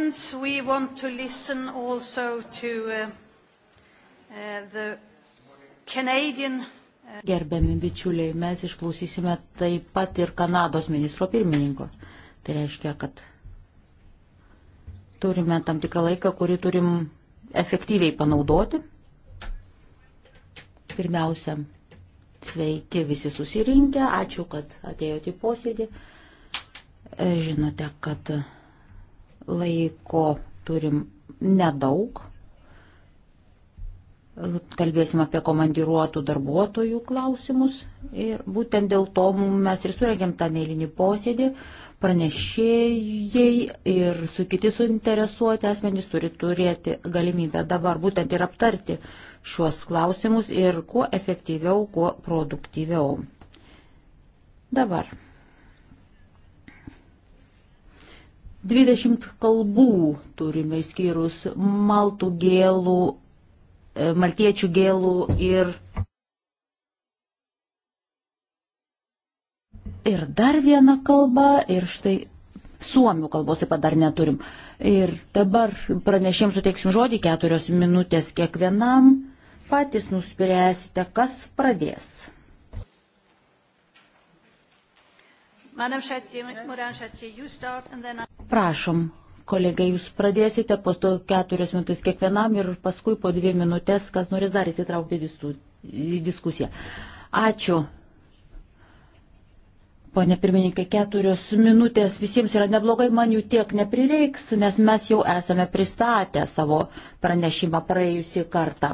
friends, we want to listen also to uh, uh, the Canadian uh, Gerbiami bičiuliai, mes išklausysime taip pat ir Kanados ministro pirmininko. Tai reiškia, kad turime tam tikrą laiką, kurį turim efektyviai panaudoti. Pirmiausia, sveiki visi susirinkę, ačiū, kad atėjote į posėdį. E, žinote, kad Laiko turim nedaug. Kalbėsim apie komandiruotų darbuotojų klausimus ir būtent dėl to mes ir suregėm tą neįlinį posėdį. Pranešėjai ir su kiti suinteresuoti asmenys turi turėti galimybę dabar būtent ir aptarti šiuos klausimus ir kuo efektyviau, kuo produktyviau. Dabar. 20 kalbų turime išskyrus maltų gėlų, e, maltiečių gėlų ir. Ir dar vieną kalbą, ir štai suomių kalbos taip pat dar neturim. Ir dabar pranešėms suteiksim žodį keturios minutės kiekvienam, patys nuspręsite, kas pradės. Prašom, kolega, jūs pradėsite po to keturias minutės kiekvienam ir paskui po dvi minutės, kas norės dar įsitraukti į diskusiją. Ačiū. Pone pirmininkai, keturios minutės visiems yra neblogai, man jų tiek neprireiks, nes mes jau esame pristatę savo pranešimą praėjusį kartą.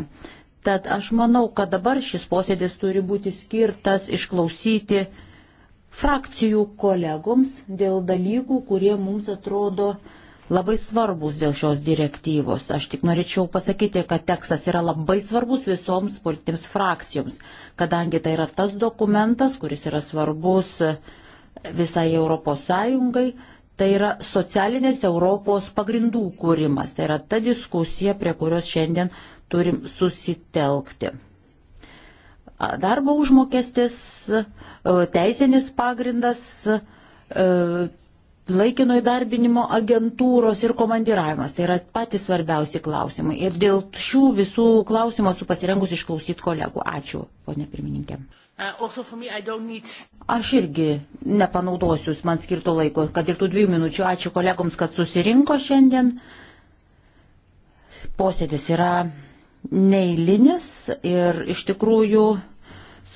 Tad aš manau, kad dabar šis posėdis turi būti skirtas išklausyti frakcijų kolegoms dėl dalykų, kurie mums atrodo labai svarbus dėl šios direktyvos. Aš tik norėčiau pasakyti, kad tekstas yra labai svarbus visoms politinėms frakcijoms, kadangi tai yra tas dokumentas, kuris yra svarbus visai Europos Sąjungai. Tai yra socialinės Europos pagrindų kūrimas. Tai yra ta diskusija, prie kurios šiandien turim susitelkti darbo užmokestis, teisinis pagrindas, laikino įdarbinimo agentūros ir komandiravimas. Tai yra patys svarbiausi klausimai. Ir dėl šių visų klausimų esu pasirengus išklausyti kolegų. Ačiū, ponė pirmininkė. Uh, Aš irgi nepanaudosiu man skirto laiko, kad ir tų dviejų minučių. Ačiū kolegoms, kad susirinko šiandien. Posėdis yra neįlinis ir iš tikrųjų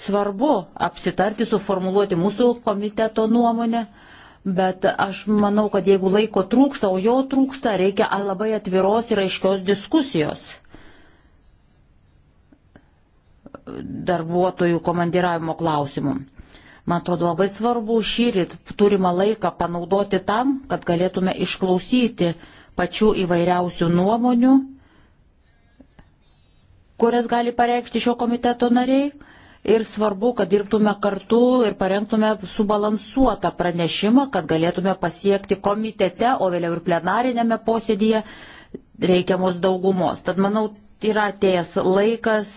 svarbu apsitarti, suformuluoti mūsų komiteto nuomonę, bet aš manau, kad jeigu laiko trūksta, o jo trūksta, reikia labai atviros ir aiškios diskusijos darbuotojų komandiravimo klausimų. Man atrodo labai svarbu šyrit turimą laiką panaudoti tam, kad galėtume išklausyti pačių įvairiausių nuomonių kurias gali pareikšti šio komiteto nariai. Ir svarbu, kad dirbtume kartu ir parengtume subalansuotą pranešimą, kad galėtume pasiekti komitete, o vėliau ir plenarinėme posėdėje reikiamos daugumos. Tad manau, yra atėjęs laikas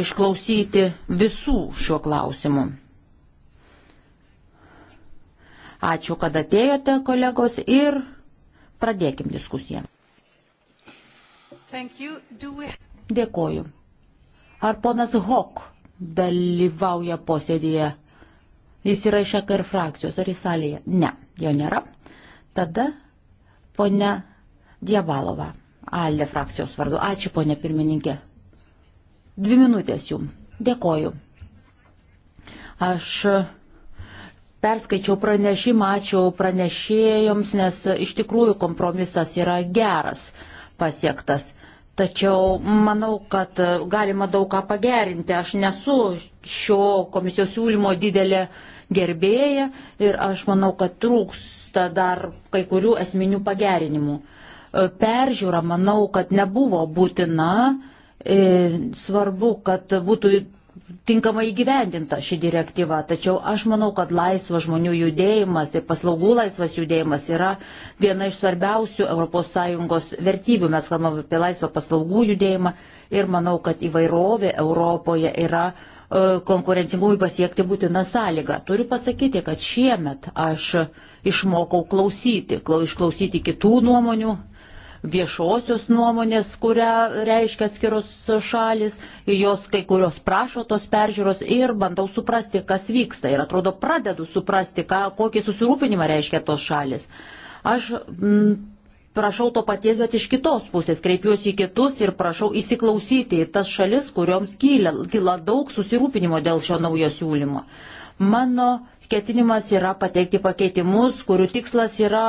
išklausyti visų šiuo klausimu. Ačiū, kad atėjote, kolegos, ir pradėkim diskusiją. We... Dėkoju. Ar ponas Hok dalyvauja posėdėje? Jis yra iš EKR frakcijos, ar į salėje? Ne, jo nėra. Tada ponia Dievalova, Alde frakcijos vardu. Ačiū, ponia pirmininkė. Dvi minutės jum. Dėkoju. Aš perskaičiau pranešimą, ačiū pranešėjoms, nes iš tikrųjų kompromisas yra geras pasiektas. Tačiau manau, kad e, galima daug ką pagerinti. Aš nesu šio komisijos siūlymo didelė gerbėja ir aš manau, kad trūksta dar kai kurių esminių pagerinimų. E, peržiūra, manau, kad nebuvo būtina. E, svarbu, kad būtų tinkamai įgyvendinta ši direktyva. Tačiau aš manau, kad laisvas žmonių judėjimas ir paslaugų laisvas judėjimas yra viena iš svarbiausių ES vertybių. Mes kalbame apie laisvą paslaugų judėjimą ir manau, kad įvairovė Europoje yra e, konkurencingumui pasiekti būtina sąlyga. Turiu pasakyti, kad šiemet aš išmokau klausyti, išklausyti kitų nuomonių, viešosios nuomonės, kurią reiškia atskiros šalis, jos kai kurios prašo tos peržiūros ir bandau suprasti, kas vyksta. Ir atrodo, pradedu suprasti, ką, kokį susirūpinimą reiškia tos šalis. Aš m, prašau to paties, bet iš kitos pusės kreipiuosi į kitus ir prašau įsiklausyti į tas šalis, kurioms kyla, kyla daug susirūpinimo dėl šio naujo siūlymo. Mano ketinimas yra pateikti pakeitimus, kurių tikslas yra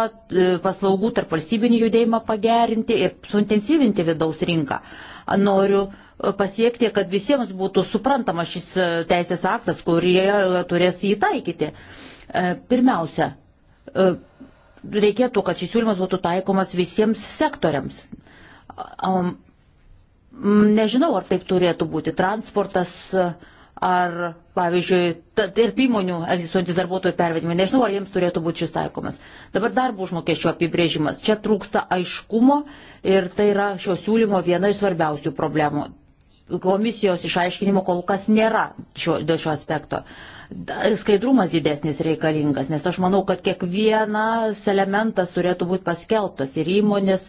e, paslaugų tarp valstybinį judėjimą pagerinti ir suintensyvinti vidaus rinką. Noriu e, pasiekti, kad visiems būtų suprantama šis e, teisės aktas, kurie turės jį taikyti. Pirmiausia, reikėtų, kad šis siūlymas būtų taikomas visiems sektoriams. Nežinau, ar taip turėtų būti transportas, uh, ar, pavyzdžiui, tarp įmonių egzistuojantis darbuotojų pervedimai. Nežinau, ar jiems turėtų būti šis taikomas. Dabar darbo užmokesčio apibrėžimas. Čia trūksta aiškumo ir tai yra šio siūlymo viena iš svarbiausių problemų. Komisijos išaiškinimo kol kas nėra šio, dėl šio aspekto. Skaidrumas didesnis reikalingas, nes aš manau, kad kiekvienas elementas turėtų būti paskelbtas ir įmonės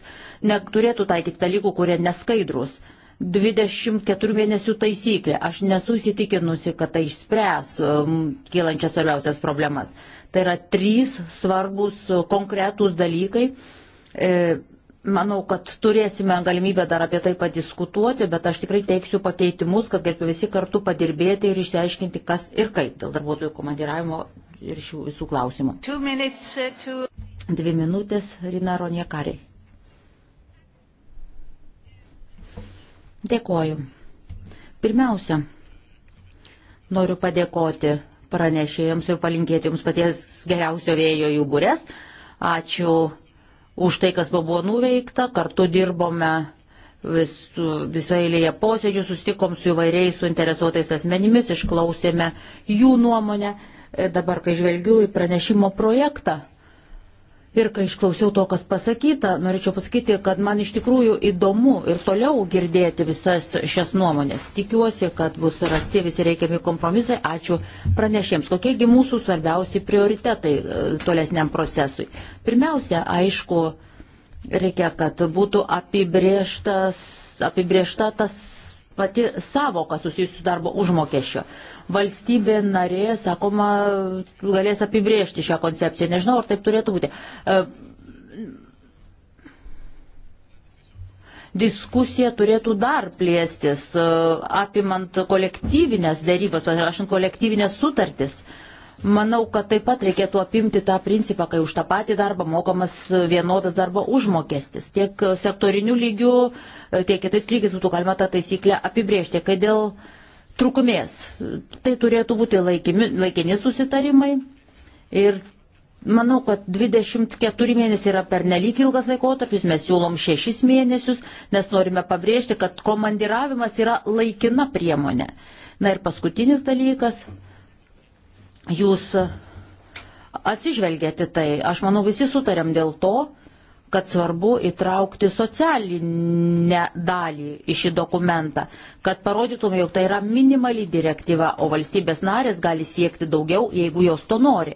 neturėtų taikyti dalykų, kurie neskaidrus. 24 mėnesių taisyklė. Aš nesu įsitikinusi, kad tai išspręs um, kylančias svarbiausias problemas. Tai yra trys svarbus uh, konkretūs dalykai. E, manau, kad turėsime galimybę dar apie tai padiskutuoti, bet aš tikrai teiksiu pakeitimus, kad galėtume visi kartu padirbėti ir išsiaiškinti, kas ir kaip dėl darbuotojų komandiravimo ir šių visų klausimų. Minutes, uh, two... Dvi minutės, Rina Roniekariai. Dėkoju. Pirmiausia, noriu padėkoti pranešėjams ir palinkėti jums paties geriausio vėjo jų būres. Ačiū už tai, kas buvo nuveikta. Kartu dirbome vis, visoje eilėje posėdžių, sustikom su įvairiais suinteresuotais asmenimis, išklausėme jų nuomonę. E, dabar, kai žvelgiu į pranešimo projektą, Ir kai išklausiau to, kas pasakyta, norėčiau pasakyti, kad man iš tikrųjų įdomu ir toliau girdėti visas šias nuomonės. Tikiuosi, kad bus rasti visi reikiami kompromisai. Ačiū pranešėms. Kokiegi mūsų svarbiausi prioritetai e, tolesniam procesui? Pirmiausia, aišku, reikia, kad būtų apibriešta ta pati savoka susijusi su darbo užmokesčio valstybė narė, sakoma, galės apibriežti šią koncepciją. Nežinau, ar taip turėtų būti. E, diskusija turėtų dar plėstis, e, apimant kolektyvinės dėrybas, rašant kolektyvinės sutartis. Manau, kad taip pat reikėtų apimti tą principą, kai už tą patį darbą mokamas vienodas darbo užmokestis. Tiek sektorinių lygių, e, tiek kitais lygiais būtų galima tą taisyklę apibriežti. Kai dėl uh, trukmės. Tai turėtų būti laikimi, laikini susitarimai. Ir manau, kad 24 mėnesiai yra pernelyg ilgas laikotarpis, mes siūlom 6 mėnesius, nes norime pabrėžti, kad komandiravimas yra laikina priemonė. Na ir paskutinis dalykas, jūs atsižvelgėte tai, aš manau, visi sutarėm dėl to, kad svarbu įtraukti socialinę dalį į šį dokumentą, kad parodytume, jog tai yra minimali direktyva, o valstybės narės gali siekti daugiau, jeigu jos to nori.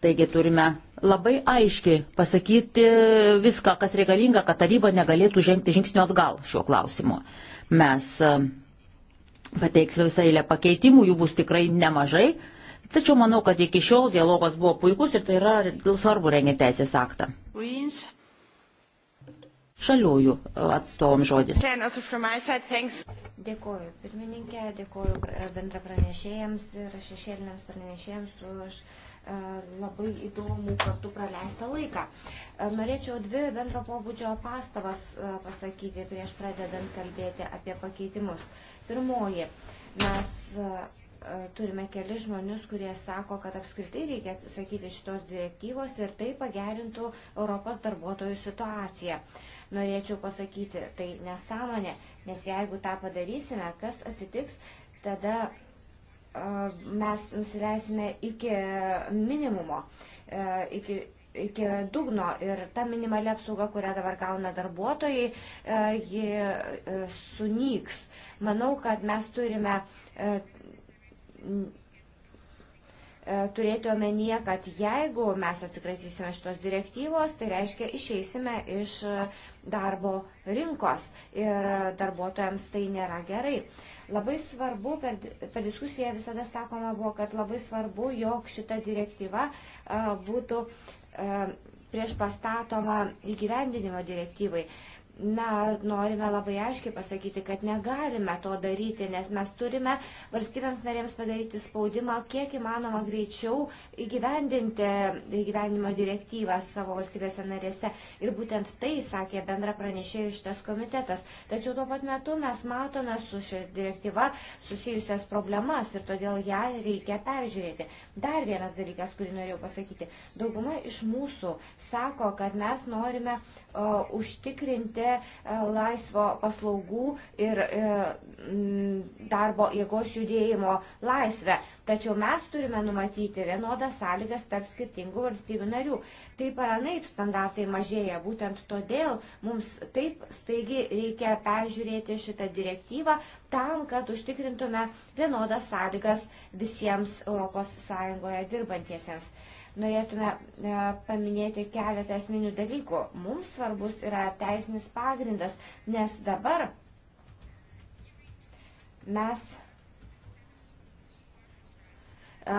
Taigi turime labai aiškiai pasakyti viską, kas reikalinga, kad taryba negalėtų žengti žingsnio atgal šiuo klausimu. Mes e, pateiksime visą eilę pakeitimų, jų bus tikrai nemažai Tačiau manau, kad iki šiol dialogas buvo puikus ir tai yra svarbu rengiant teisės aktą. Greens. Šaliųjų e, atstovom žodis. Dėkoju pirmininkė, dėkoju e, bendra pranešėjams ir šešėliniams pranešėjams už e, labai įdomų kartu praleistą laiką. Norėčiau dvi bendro pobūdžio pastabas pasakyti prieš pradedant kalbėti apie pakeitimus. Pirmoji, mes E, turime keli žmonius, kurie sako, kad apskritai reikia atsisakyti šitos direktyvos ir tai pagerintų Europos darbuotojų situaciją. Norėčiau pasakyti, tai nesąmonė, nes jeigu tą padarysime, kas atsitiks, tada uh, mes nusileisime iki minimumo, uh, iki, iki dugno ir ta minimali apsauga, kurią dabar gauna darbuotojai, uh, ji sunyks. Manau, kad mes turime E, turėti omenyje, kad jeigu mes atsikratysime šitos direktyvos, tai reiškia išeisime iš darbo rinkos ir darbuotojams tai nėra gerai. Labai svarbu, per, per diskusiją visada sakoma buvo, kad labai svarbu, jog šita direktyva a, e, būtų a, e, prieš pastatoma įgyvendinimo direktyvai na, norime labai aiškiai pasakyti, kad negalime to daryti, nes mes turime valstybėms narėms padaryti spaudimą, kiek įmanoma greičiau įgyvendinti įgyvendimo direktyvą savo valstybėse narėse. Ir būtent tai sakė bendra pranešėjai šitas komitetas. Tačiau tuo pat metu mes matome su šia direktyva susijusias problemas ir todėl ją reikia peržiūrėti. Dar vienas dalykas, kurį norėjau pasakyti. Dauguma iš mūsų sako, kad mes norime užtikrinti laisvo paslaugų ir e, darbo jėgos judėjimo laisvę. Tačiau mes turime numatyti vienodas sąlygas tarp skirtingų valstybių narių. Taip ar anaip standartai mažėja. Būtent todėl mums taip staigi reikia peržiūrėti šitą direktyvą tam, kad užtikrintume vienodas sąlygas visiems ES dirbantiesiems norėtume e, paminėti keletą esminių dalykų. Mums svarbus yra teisinis pagrindas, nes dabar mes e,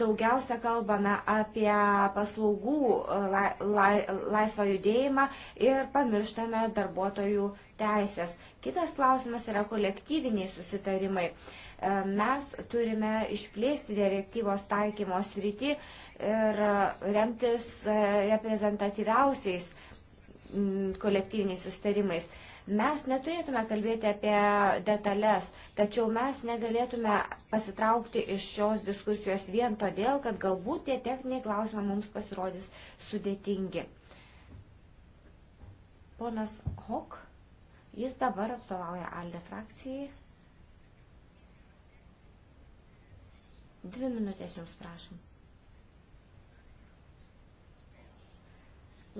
daugiausia kalbame apie paslaugų e, lai, lai, laisvą judėjimą ir pamirštame darbuotojų teisės. Kitas klausimas yra kolektyviniai susitarimai. Uh, Mes turime išplėsti direktyvos taikymos rytį ir e, remtis e, reprezentatyviausiais kolektyviniais sustarimais. Mes neturėtume kalbėti apie detalės, tačiau mes negalėtume pasitraukti iš šios diskusijos vien todėl, kad galbūt tie techniniai klausimai mums pasirodys sudėtingi. Ponas Hok, jis dabar atstovauja ALDE frakcijai. Dvi minutės jums prašom.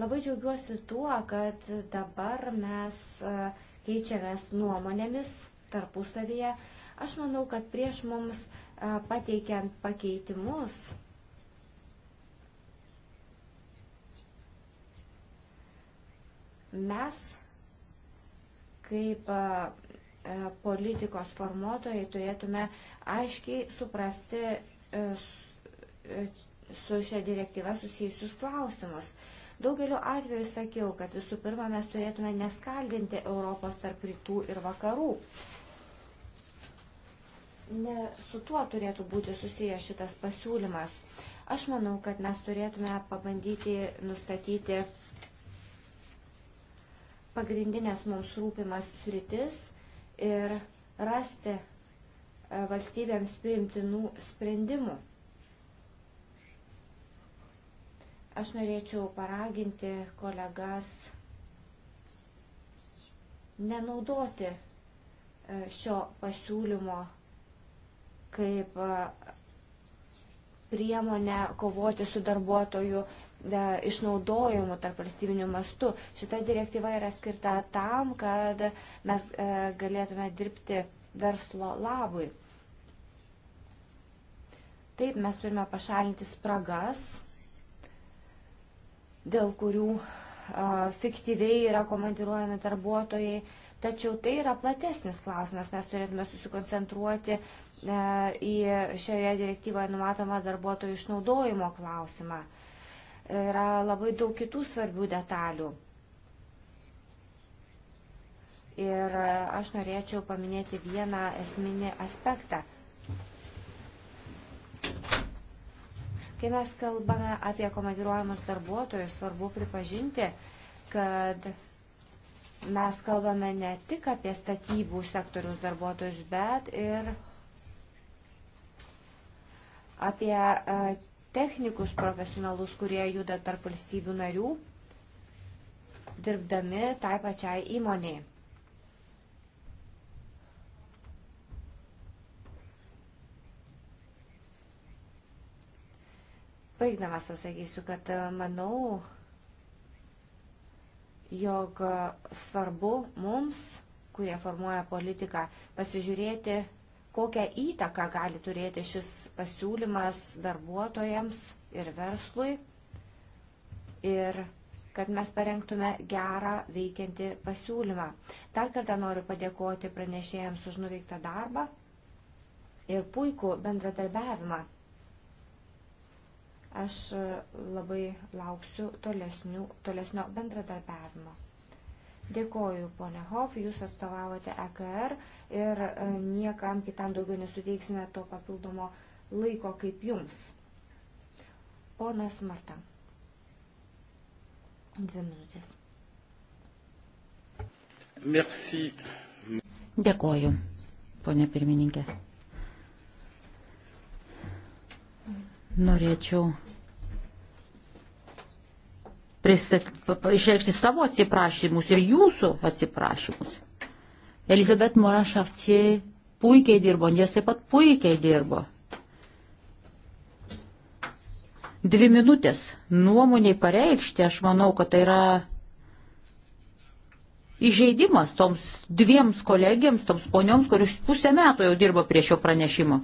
Labai džiaugiuosi tuo, kad dabar mes e, keičiamės nuomonėmis tarpusavyje. Aš manau, kad prieš mums e, pateikiant pakeitimus mes kaip e, E, politikos formuotojai turėtume aiškiai suprasti e, e, su šia direktyva susijusius klausimus. Daugeliu atveju sakiau, kad visų pirma mes turėtume neskaldinti Europos tarp rytų ir vakarų. Ne, su tuo turėtų būti susijęs šitas pasiūlymas. Aš manau, kad mes turėtume pabandyti nustatyti pagrindinės mums rūpimas sritis ir rasti e, valstybėms priimtinų sprendimų. Aš norėčiau paraginti kolegas nenaudoti e, šio pasiūlymo kaip e, priemonę kovoti su darbuotojų išnaudojimu tarp valstybinių mastų. Šita direktyva yra skirta tam, kad mes e, galėtume dirbti verslo labui. Taip, mes turime pašalinti spragas, dėl kurių e, fiktyviai yra komandiruojami darbuotojai. Tačiau tai yra platesnis klausimas. Mes turėtume susikoncentruoti e, į šioje direktyvoje numatomą darbuotojų išnaudojimo klausimą yra labai daug kitų svarbių detalių. Ir aš norėčiau paminėti vieną esminį aspektą. Kai mes kalbame apie komandiruojamus darbuotojus, svarbu pripažinti, kad mes kalbame ne tik apie statybų sektorius darbuotojus, bet ir apie e, technikus profesionalus, kurie juda tarp valstybių narių, dirbdami tai pačiai įmoniai. Baigdamas pasakysiu, kad e, manau, jog e, svarbu mums, kurie formuoja politiką, pasižiūrėti kokią įtaką gali turėti šis pasiūlymas darbuotojams ir verslui ir kad mes parengtume gerą veikiantį pasiūlymą. Dar kartą noriu padėkoti pranešėjams už nuveiktą darbą ir puikų bendradarbiavimą. Aš labai lauksiu tolesnių, tolesnio bendradarbiavimo. Dėkoju, ponia Hof, jūs atstovavote EKR ir e, niekam kitam daugiau nesuteiksime to papildomo laiko kaip jums. Ponas Marta. Dvi minutės. Merci. Dėkoju, ponė pirmininkė. Norėčiau pristat, išreikšti savo atsiprašymus ir jūsų atsiprašymus. Elizabet Moran Šaftie puikiai dirbo, nes taip pat puikiai dirbo. Dvi minutės nuomoniai pareikšti, aš manau, kad tai yra įžeidimas toms dviems kolegiams, toms ponioms, kuris pusę metų jau dirbo prie šio pranešimo.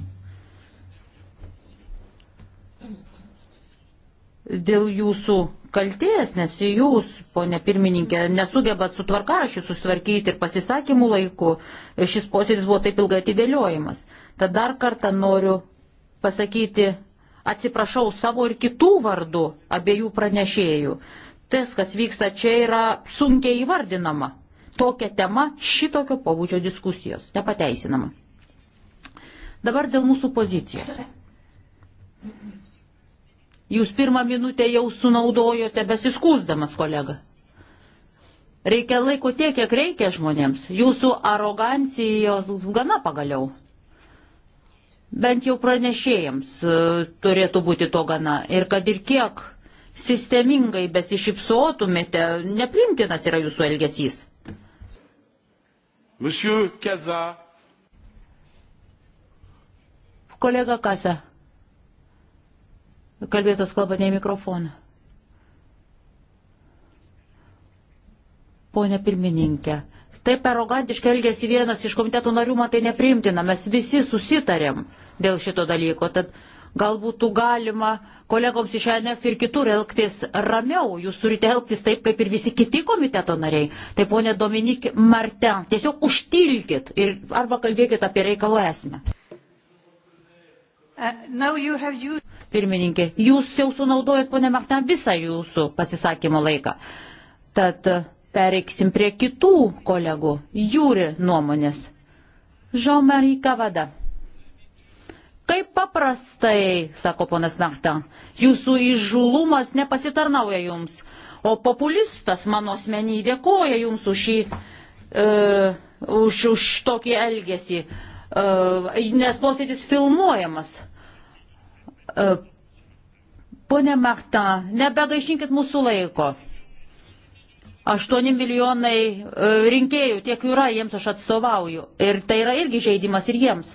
Dėl jūsų kalties, nes jūs, ponė pirmininkė, nesugebat su tvarkarašiu susitvarkyti ir pasisakymų laiku. Šis posėdis buvo taip ilgai atidėliojimas. Tad dar kartą noriu pasakyti, atsiprašau savo ir kitų vardų abiejų pranešėjų. Tas, kas vyksta čia, yra sunkiai įvardinama. Tokia tema šitokio pobūdžio diskusijos. Nepateisinama. Dabar dėl mūsų pozicijos. Jūs pirmą minutę jau sunaudojote besiskūsdamas, kolega. Reikia laiko tiek, kiek reikia žmonėms. Jūsų arogancijos gana pagaliau. Bent jau pranešėjams e, turėtų būti to gana. Ir kad ir kiek sistemingai besišypsotumėte, neprimtinas yra jūsų elgesys. Monsieur Kaza. Kolega Kasa. Kalbėtos kalba ne mikrofoną. Pone pirmininkė, taip arogantiškai elgėsi vienas iš komitetų narių, man tai nepriimtina, mes visi susitarėm dėl šito dalyko, tad galbūt galima kolegoms iš ANF ir kitur elgtis ramiau, jūs turite elgtis taip, kaip ir visi kiti komiteto nariai. Tai ponė Dominik Marten, tiesiog užtilkit ir arba kalbėkit apie reikalo esmę. Uh, pirmininkė, jūs jau sunaudojot, ponė Makta, visą jūsų pasisakymo laiką. Tad e, pereiksim prie kitų kolegų. Jūri nuomonės. Žaumerį Kavada. Kaip paprastai, sako ponas Nakta, jūsų įžulumas nepasitarnauja jums, o populistas mano asmenį dėkoja jums už šį, e, už, už tokį elgesį, e, nes posėdis filmuojamas. E, E, pone Marta, nebegaišinkit mūsų laiko. 8 milijonai e, rinkėjų, tiek jų yra, jiems aš atstovauju. Ir tai yra irgi žaidimas ir jiems.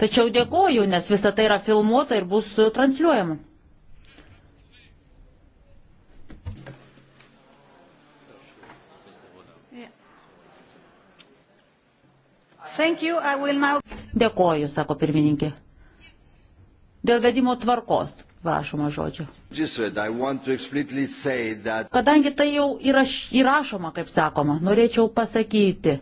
Tačiau dėkoju, nes visa tai yra filmuota ir bus transliuojama. Now... Dėkoju, sako pirmininkė. Dėl vedimo tvarkos, prašoma žodžio. Kadangi tai jau įrašoma, kaip sakoma, norėčiau pasakyti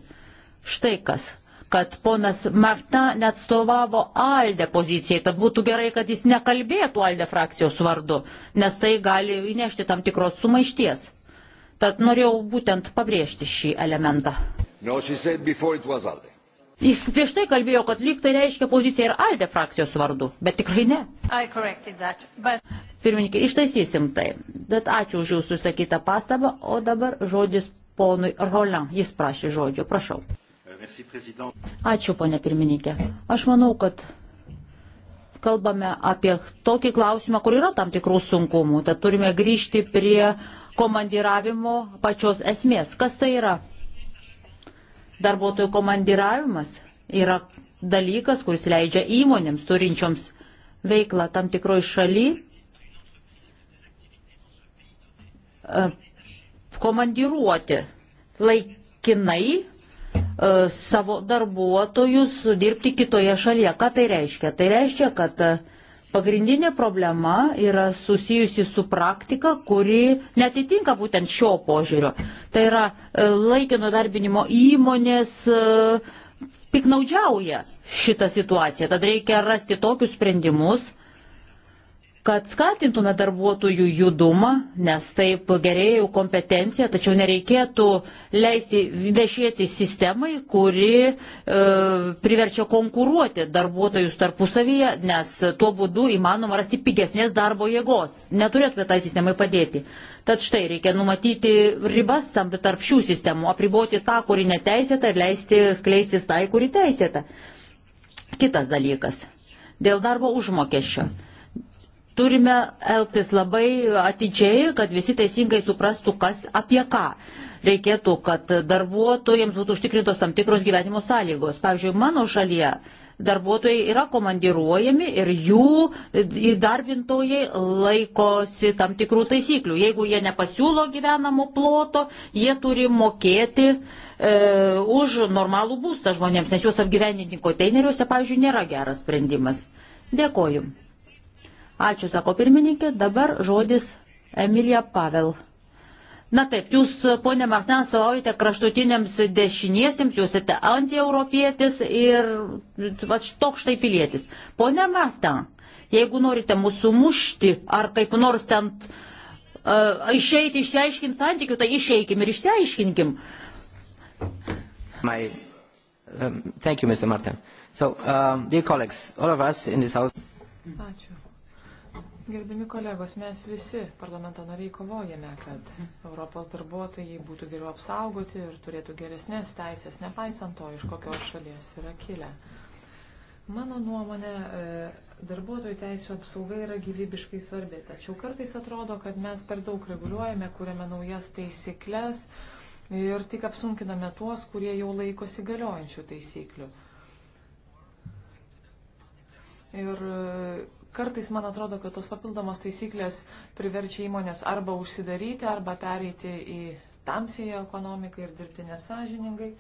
štai kas, kad ponas Marta netstovavo Alde pozicijai, tad būtų gerai, kad jis nekalbėtų Alde frakcijos vardu, nes tai gali įnešti tam tikros sumaišties. Tad norėjau būtent pabrėžti šį elementą. No, Jis prieš tai kalbėjo, kad lyg tai reiškia poziciją ir Alde frakcijos vardu, bet tikrai ne. That, but... Pirmininkė, ištaisysim tai. Bet ačiū už jūsų sakytą pastabą, o dabar žodis ponui Roland. Jis prašė žodžio, prašau. Ačiū, ponė pirmininkė. Aš manau, kad kalbame apie tokį klausimą, kur yra tam tikrų sunkumų. Tad turime grįžti prie komandiravimo pačios esmės. Kas tai yra? Darbuotojų komandiravimas yra dalykas, kuris leidžia įmonėms turinčioms veiklą tam tikroj šaly e, komandiruoti laikinai e, savo darbuotojus dirbti kitoje šalyje. Ką tai reiškia? Tai reiškia, kad e, Pagrindinė problema yra susijusi su praktika, kuri netitinka būtent šio požiūrio. Tai yra e, laikino darbinimo įmonės e, piknaudžiauja šitą situaciją. Tad reikia rasti tokius sprendimus, kad skatintume darbuotojų judumą, nes taip gerėja jų kompetencija, tačiau nereikėtų leisti viešėti sistemai, kuri e, priverčia konkuruoti darbuotojus tarpusavyje, nes tuo būdu įmanoma rasti pigesnės darbo jėgos. Neturėtume tai sistemai padėti. Tad štai reikia numatyti ribas tam tarp šių sistemų, apriboti tą, kuri neteisėta ir leisti skleistis tai, kuri teisėta. Kitas dalykas. Dėl darbo užmokesčio. Mm Turime elgtis labai atidžiai, kad visi teisingai suprastų, kas apie ką. Reikėtų, kad darbuotojams būtų užtikrintos tam tikros gyvenimo sąlygos. Pavyzdžiui, mano šalyje darbuotojai yra komandiruojami ir jų įdarbintojai laikosi tam tikrų taisyklių. Jeigu jie nepasiūlo gyvenamo ploto, jie turi mokėti e, už normalų būstą žmonėms, nes juos apgyvendinti konteineriuose, pavyzdžiui, nėra geras sprendimas. Dėkoju. Ačiū, sako pirmininkė. Dabar žodis Emilija Pavel. Na taip, jūs, ponė Martin, atstovaujate kraštutiniams dešiniesiems, jūs esate antieuropietis ir va, toks štai pilietis. Pone Martin, jeigu norite mūsų mušti ar kaip nors ten uh, išeiti, išsiaiškinti santykių, tai išeikim ir išsiaiškinkim. My, um, thank you, Mr. Martin. So, um, dear colleagues, all of us in this house. Ačiū. Gerbiami kolegos, mes visi parlamento nariai kovojame, kad Europos darbuotojai būtų geriau apsaugoti ir turėtų geresnės teisės, nepaisant to, iš kokios šalies yra kilę. Mano nuomonė, e, darbuotojų teisų apsauga yra gyvybiškai svarbi, tačiau kartais atrodo, kad mes per daug reguliuojame, kuriame naujas taisyklės ir tik apsunkiname tuos, kurie jau laikosi galiojančių taisyklių. Ir Kartais man atrodo, kad tos papildomos taisyklės priverčia įmonės arba užsidaryti, arba pereiti į tamsėje ekonomiką ir dirbti nesažiningai.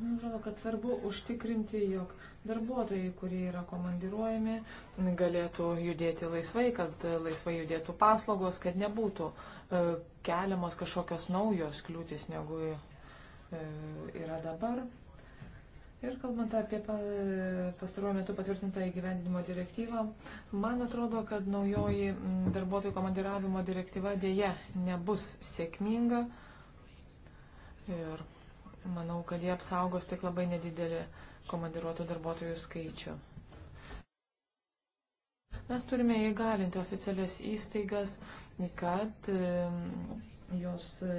Man atrodo, kad svarbu užtikrinti, jog darbuotojai, kurie yra komandiruojami, galėtų judėti laisvai, kad laisvai judėtų paslaugos, kad nebūtų e, keliamos kažkokios naujos kliūtis, negu e, yra dabar. Ir kalbant apie pastaruoju metu patvirtintą įgyvendinimo direktyvą, man atrodo, kad naujoji darbuotojų komandiravimo direktyva dėje nebus sėkminga. Ir manau, kad jie apsaugos tik labai nedidelį komandiruotų darbuotojų skaičių. Mes turime įgalinti oficialias įstaigas, kad e, jos e,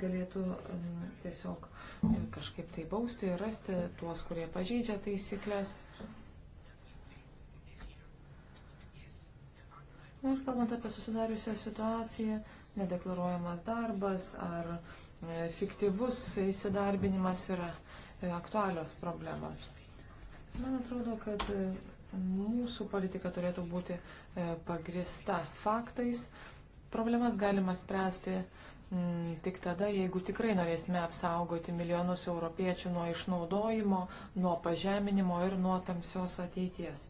galėtų um, tiesiog um, kažkaip tai bausti ir rasti tuos, kurie pažydžia taisyklės. Na ir kalbant apie susidariusią situaciją, nedeklaruojamas darbas ar e, fiktyvus įsidarbinimas yra e, aktualios problemas. Man atrodo, kad e, mūsų politika turėtų būti pagrista faktais. Problemas galima spręsti Mm, tik tada, jeigu tikrai norėsime apsaugoti milijonus europiečių nuo išnaudojimo, nuo pažeminimo ir nuo tamsios ateities.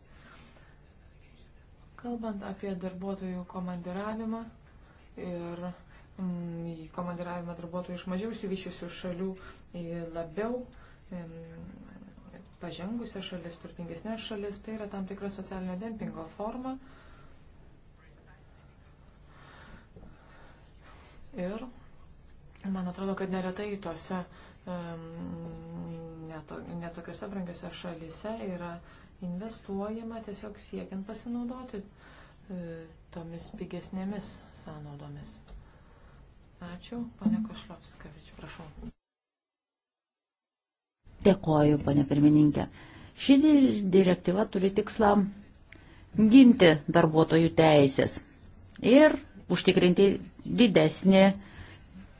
Kalbant apie darbuotojų komandiravimą ir mm, komandiravimą darbuotojų iš mažiau įsivyšiusių šalių į labiau mm, pažengusią šalis, turtingesnės šalis, tai yra tam tikra socialinio dempingo forma. Mm, Ir man atrodo, kad neretai tose um, netokiose brangiose šalise yra investuojama tiesiog siekiant pasinaudoti uh, tomis pigesnėmis sąnaudomis. Ačiū, pane Košlovskavičiu, prašau. Dėkoju, pane pirmininkė. Ši direktyva turi tikslą ginti darbuotojų teisės ir užtikrinti didesnį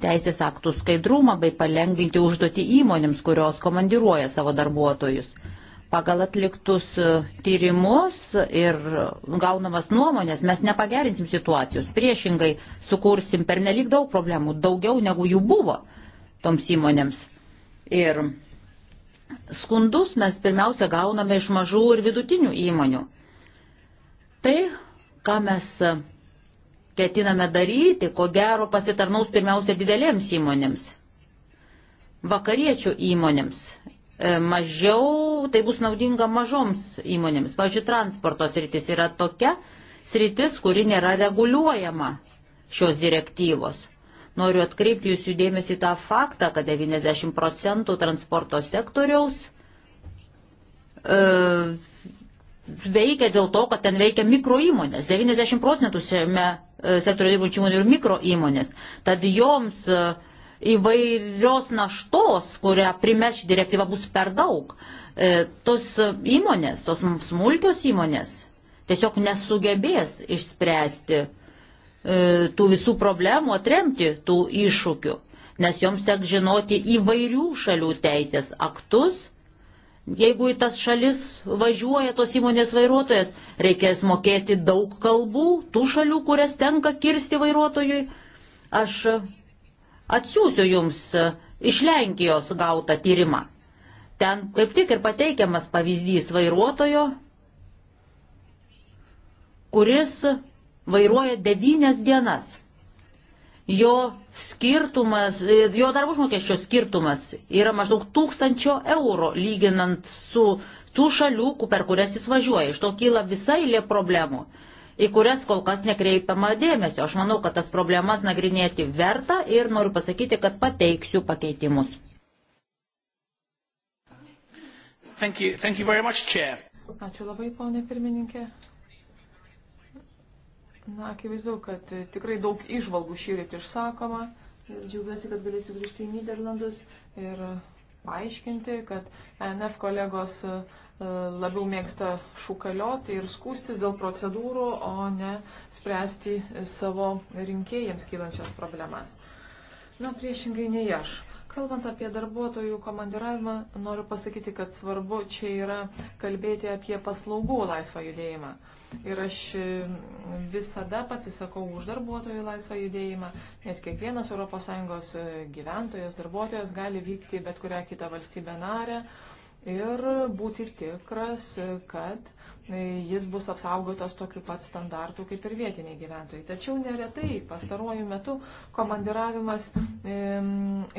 teisės aktų skaidrumą bei palengvinti užduoti įmonėms, kurios komandiruoja savo darbuotojus. Pagal atliktus e, tyrimus ir gaunamas nuomonės mes nepagerinsim situacijos. Priešingai sukursim per nelik daug problemų, daugiau negu jų buvo toms įmonėms. Ir skundus mes pirmiausia gauname iš mažų ir vidutinių įmonių. Tai, ką mes ketiname daryti, ko gero pasitarnaus pirmiausia didelėms įmonėms, vakariečių įmonėms. E, mažiau tai bus naudinga mažoms įmonėms. Pavyzdžiui, transporto sritis yra tokia sritis, kuri nėra reguliuojama šios direktyvos. Noriu atkreipti jūsų dėmesį tą faktą, kad 90 procentų transporto sektoriaus e, veikia dėl to, kad ten veikia mikro įmonės. 90 procentų šiame E, sektoriuje dirbančių įmonių ir mikro įmonės. Tad joms e, įvairios naštos, kurią primes ši direktyva, bus per daug. E, tos įmonės, tos smulkios įmonės tiesiog nesugebės išspręsti tų visų problemų, atremti tų iššūkių, nes joms teks žinoti įvairių šalių teisės aktus Jeigu į tas šalis važiuoja tos įmonės vairuotojas, reikės mokėti daug kalbų, tų šalių, kurias tenka kirsti vairuotojui. Aš atsiųsiu jums e, iš Lenkijos gautą tyrimą. Ten kaip tik ir pateikiamas pavyzdys vairuotojo, kuris vairuoja devynias dienas jo skirtumas, jo darbo užmokesčio skirtumas yra maždaug tūkstančio eurų lyginant su tų šalių, per kurias jis važiuoja. Iš to kyla visa eilė problemų, į kurias kol kas nekreipiama dėmesio. Aš manau, kad tas problemas nagrinėti verta ir noriu pasakyti, kad pateiksiu pakeitimus. Thank you. Thank you much, Ačiū labai, ponė pirmininkė. Na, akivaizdu, kad tikrai daug išvalgų šį rytį išsakoma. Ir džiaugiuosi, kad galėsiu grįžti į Niderlandus ir paaiškinti, kad e NF kolegos e, labiau mėgsta šūkalioti ir skūstis dėl procedūrų, o ne spręsti savo rinkėjams kylančias problemas. Na, priešingai nei aš. Kalbant apie darbuotojų komandiravimą, noriu pasakyti, kad svarbu čia yra kalbėti apie paslaugų laisvą judėjimą. Uh, ir aš e, visada pasisakau už darbuotojų laisvą judėjimą, nes kiekvienas ES e, gyventojas, darbuotojas gali vykti bet kurią kitą valstybę narę ir būti tikras, e, kad jis bus apsaugotas tokiu pat standartu kaip ir vietiniai gyventojai. Tačiau neretai pastaruoju metu komandiravimas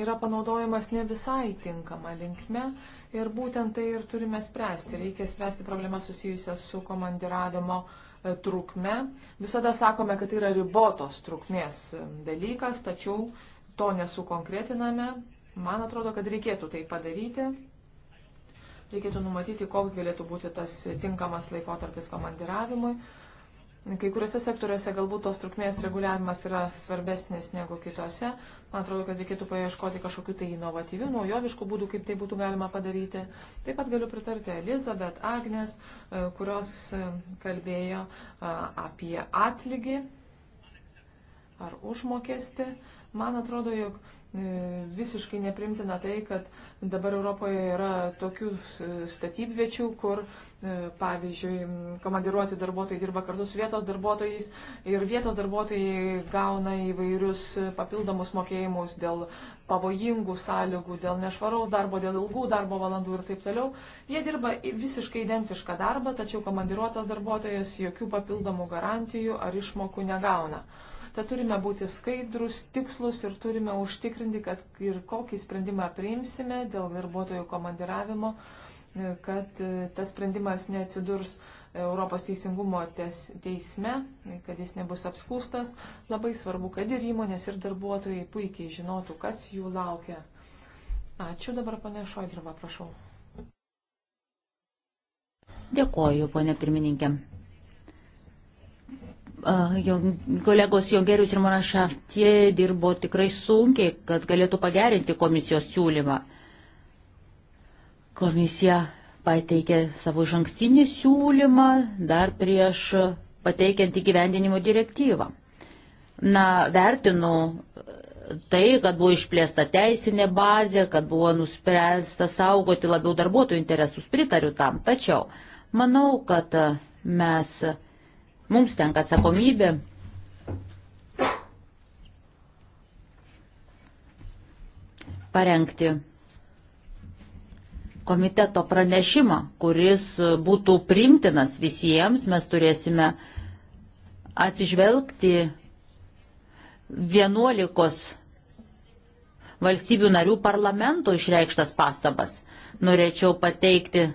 yra panaudojamas ne visai tinkama linkme Ir būtent tai ir turime spręsti. Reikia spręsti problemas susijusias su komandiravimo e, trukme. Visada sakome, kad tai yra ribotos trukmės e, dalykas, tačiau to nesukonkretiname. Man atrodo, kad reikėtų tai padaryti. Reikėtų numatyti, koks galėtų būti tas tinkamas laikotarpis komandiravimui. Kai kuriuose sektoriuose galbūt tos trukmės reguliavimas yra svarbesnis negu kitose. Man atrodo, kad reikėtų paieškoti kažkokių tai inovatyvių, naujoviškų būdų, kaip tai būtų galima padaryti. Taip pat galiu pritarti Elizabet Agnes, e, kurios e, kalbėjo e, apie atlygį ar užmokestį. Man atrodo, jog e, visiškai neprimtina tai, kad dabar Europoje yra tokių e, statybviečių, kur, e, pavyzdžiui, komandiruoti darbuotojai dirba kartu su vietos darbuotojais ir vietos darbuotojai gauna įvairius papildomus mokėjimus dėl pavojingų sąlygų, dėl nešvaraus darbo, dėl ilgų darbo valandų ir taip toliau. Jie dirba visiškai identišką darbą, tačiau komandiruotas darbuotojas jokių papildomų garantijų ar išmokų negauna. Tad turime būti skaidrus, tikslus ir turime užtikrinti, kad ir kokį sprendimą priimsime dėl darbuotojų komandiravimo, kad e, tas sprendimas neatsidurs Europos teisingumo teisme, kad jis nebus apskūstas. Labai svarbu, kad ir įmonės, ir darbuotojai puikiai žinotų, kas jų laukia. Ačiū dabar, ponė Šodirva, prašau. Dėkoju, ponė pirmininkė kolegos Jongerius ir Monašaftie dirbo tikrai sunkiai, kad galėtų pagerinti komisijos siūlymą. Komisija pateikė savo žangstinį siūlymą dar prieš pateikiant įgyvendinimo direktyvą. Na, vertinu tai, kad buvo išplėsta teisinė bazė, kad buvo nuspręsta saugoti labiau darbuotojų interesus, pritariu tam. Tačiau manau, kad mes Mums tenka atsakomybė. Parengti komiteto pranešimą, kuris būtų primtinas visiems, mes turėsime atsižvelgti 11 valstybių narių parlamento išreikštas pastabas. Norėčiau pateikti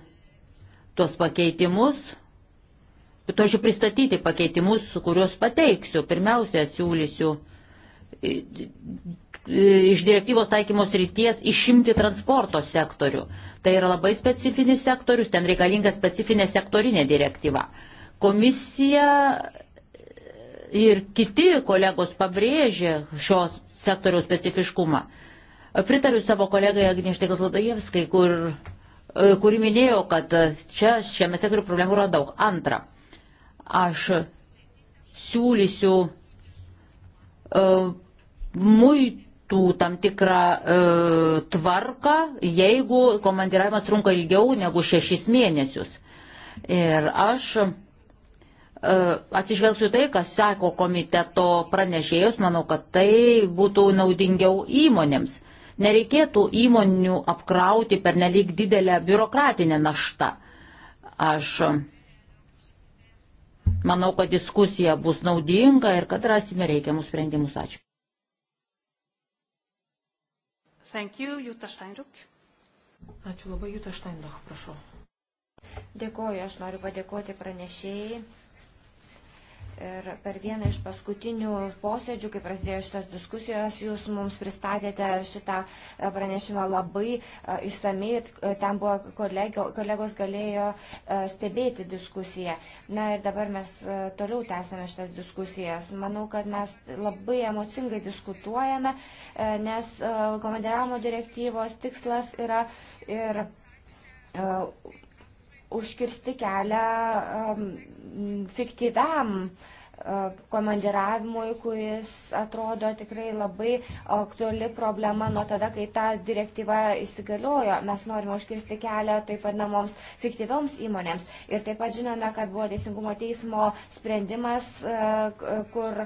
tuos pakeitimus, turėčiau pristatyti pakeitimus, kuriuos pateiksiu. Pirmiausia, siūlysiu iš direktyvos taikymos ryties išimti transporto sektorių. Tai yra labai specifinis sektorius, ten reikalinga specifinė sektorinė direktyva. Komisija ir kiti kolegos pabrėžė šio sektoriaus specifiškumą. Pritariu savo kolegai Agništikas Ladojevskai, kur, e, kuri minėjo, kad čia šiame sektoriu problemų yra daug. Antra, Aš siūlysiu uh, muitų tam tikrą uh, tvarką, jeigu komandiravimas trunka ilgiau negu šešis mėnesius. Ir aš uh, atsižvelgsiu tai, kas sako komiteto pranešėjus, manau, kad tai būtų naudingiau įmonėms. Nereikėtų įmonių apkrauti per nelik didelę biurokratinę naštą. Aš uh, Manau, kad diskusija bus naudinga ir kad rasime reikiamus sprendimus. Ačiū. Thank you, Jutta Steinruck. Ačiū labai, Jutta Steinruck, prašau. Dėkuoju, aš noriu padėkoti pranešėjai Ir per vieną iš paskutinių posėdžių, kai prasidėjo šitos diskusijos, jūs mums pristatėte šitą e, pranešimą labai e, išsamei ir e, ten buvo kolego, kolegos galėjo stebėti diskusiją. Na ir dabar mes toliau tęsime šitas diskusijas. Manau, kad mes labai emocingai diskutuojame, nes komandiravimo direktyvos tikslas yra ir užkirsti kelią um, fiktyviam komandiravimui, kuris atrodo tikrai labai aktuali problema nuo tada, kai ta direktyva įsigaliojo. Mes norime užkirsti kelią taip vadinamoms fiktyvioms įmonėms. Ir taip pat žinome, kad buvo Teisingumo teismo sprendimas, kur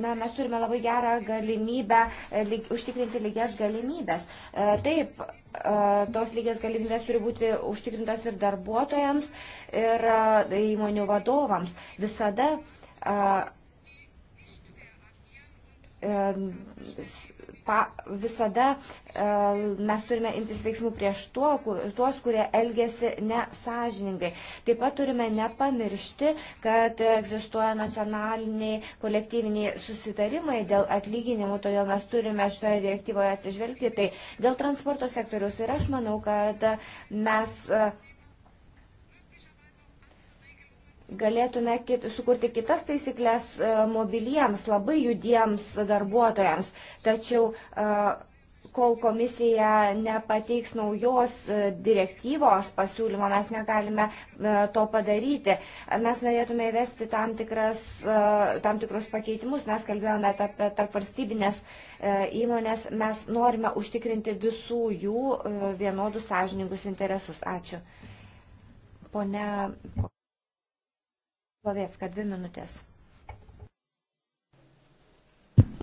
na, mes turime labai gerą galimybę e, lyg, užtikrinti lygias galimybės. E, taip, e, tos lygias galimybės turi būti užtikrintas ir darbuotojams, ir įmonių vadovams. Visada pa, visada e, mes turime imtis veiksmų prieš tuo, kur, tuos, kurie elgesi nesažiningai. Taip pat turime nepamiršti, kad egzistuoja nacionaliniai kolektyviniai susitarimai dėl atlyginimų, todėl mes turime šitoje direktyvoje atsižvelgti. Tai dėl transporto sektoriaus ir aš manau, kad mes. E, galėtume kit, sukurti kitas taisyklės e, mobiliems, labai judiems darbuotojams. Tačiau e, kol komisija nepateiks naujos e, direktyvos pasiūlymo, mes negalime to padaryti. Mes norėtume įvesti tam, tikras, tam tikrus pakeitimus. Mes kalbėjome apie tarpvalstybinės įmonės. Mes norime užtikrinti visų jų vienodus sąžininkus interesus. Ačiū. Pone. Loviecka, dvi minutės.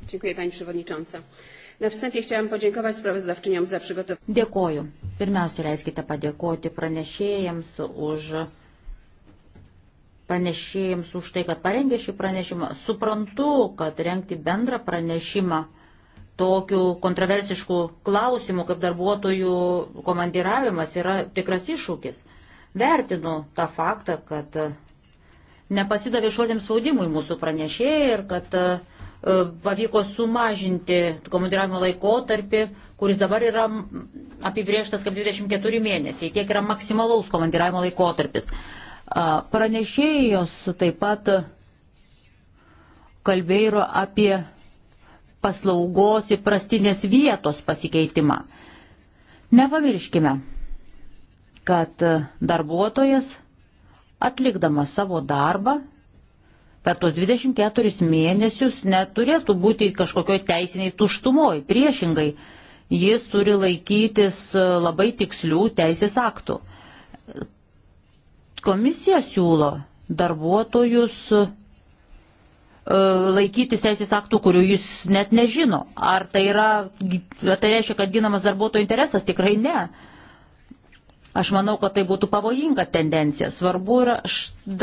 Dziękuję Pani Przewodnicząca. Na wstępie chciałam podziękować sprawozdawczyniom za przygotowanie. Dėkoju. Pirmiausia, leiskite padėkoti pranešėjams už pranešėjams už tai, kad parengė šį pranešimą. Suprantu, kad rengti bendrą pranešimą tokių kontroversiškų klausimų kaip darbuotojų komandiravimas yra tikras iššūkis. Vertinu tą faktą, kad nepasidavė šuolėms spaudimui mūsų pranešėjai ir kad e, e, pavyko sumažinti komandiravimo laikotarpį, kuris dabar yra apibrieštas kaip 24 mėnesiai, tiek yra maksimalaus komandiravimo laikotarpis. Pranešėjos taip pat kalbėjo apie paslaugos įprastinės vietos pasikeitimą. Nepamirškime, kad darbuotojas atlikdamas savo darbą per tos 24 mėnesius neturėtų būti kažkokioj teisiniai tuštumoj. Priešingai, jis turi laikytis labai tikslių teisės aktų. Komisija siūlo darbuotojus e, laikytis teisės aktų, kurių jis net nežino. Ar tai, yra, tai reiškia, kad ginamas darbuotojų interesas? Tikrai ne. Aš manau, kad tai būtų pavojinga tendencija. Svarbu yra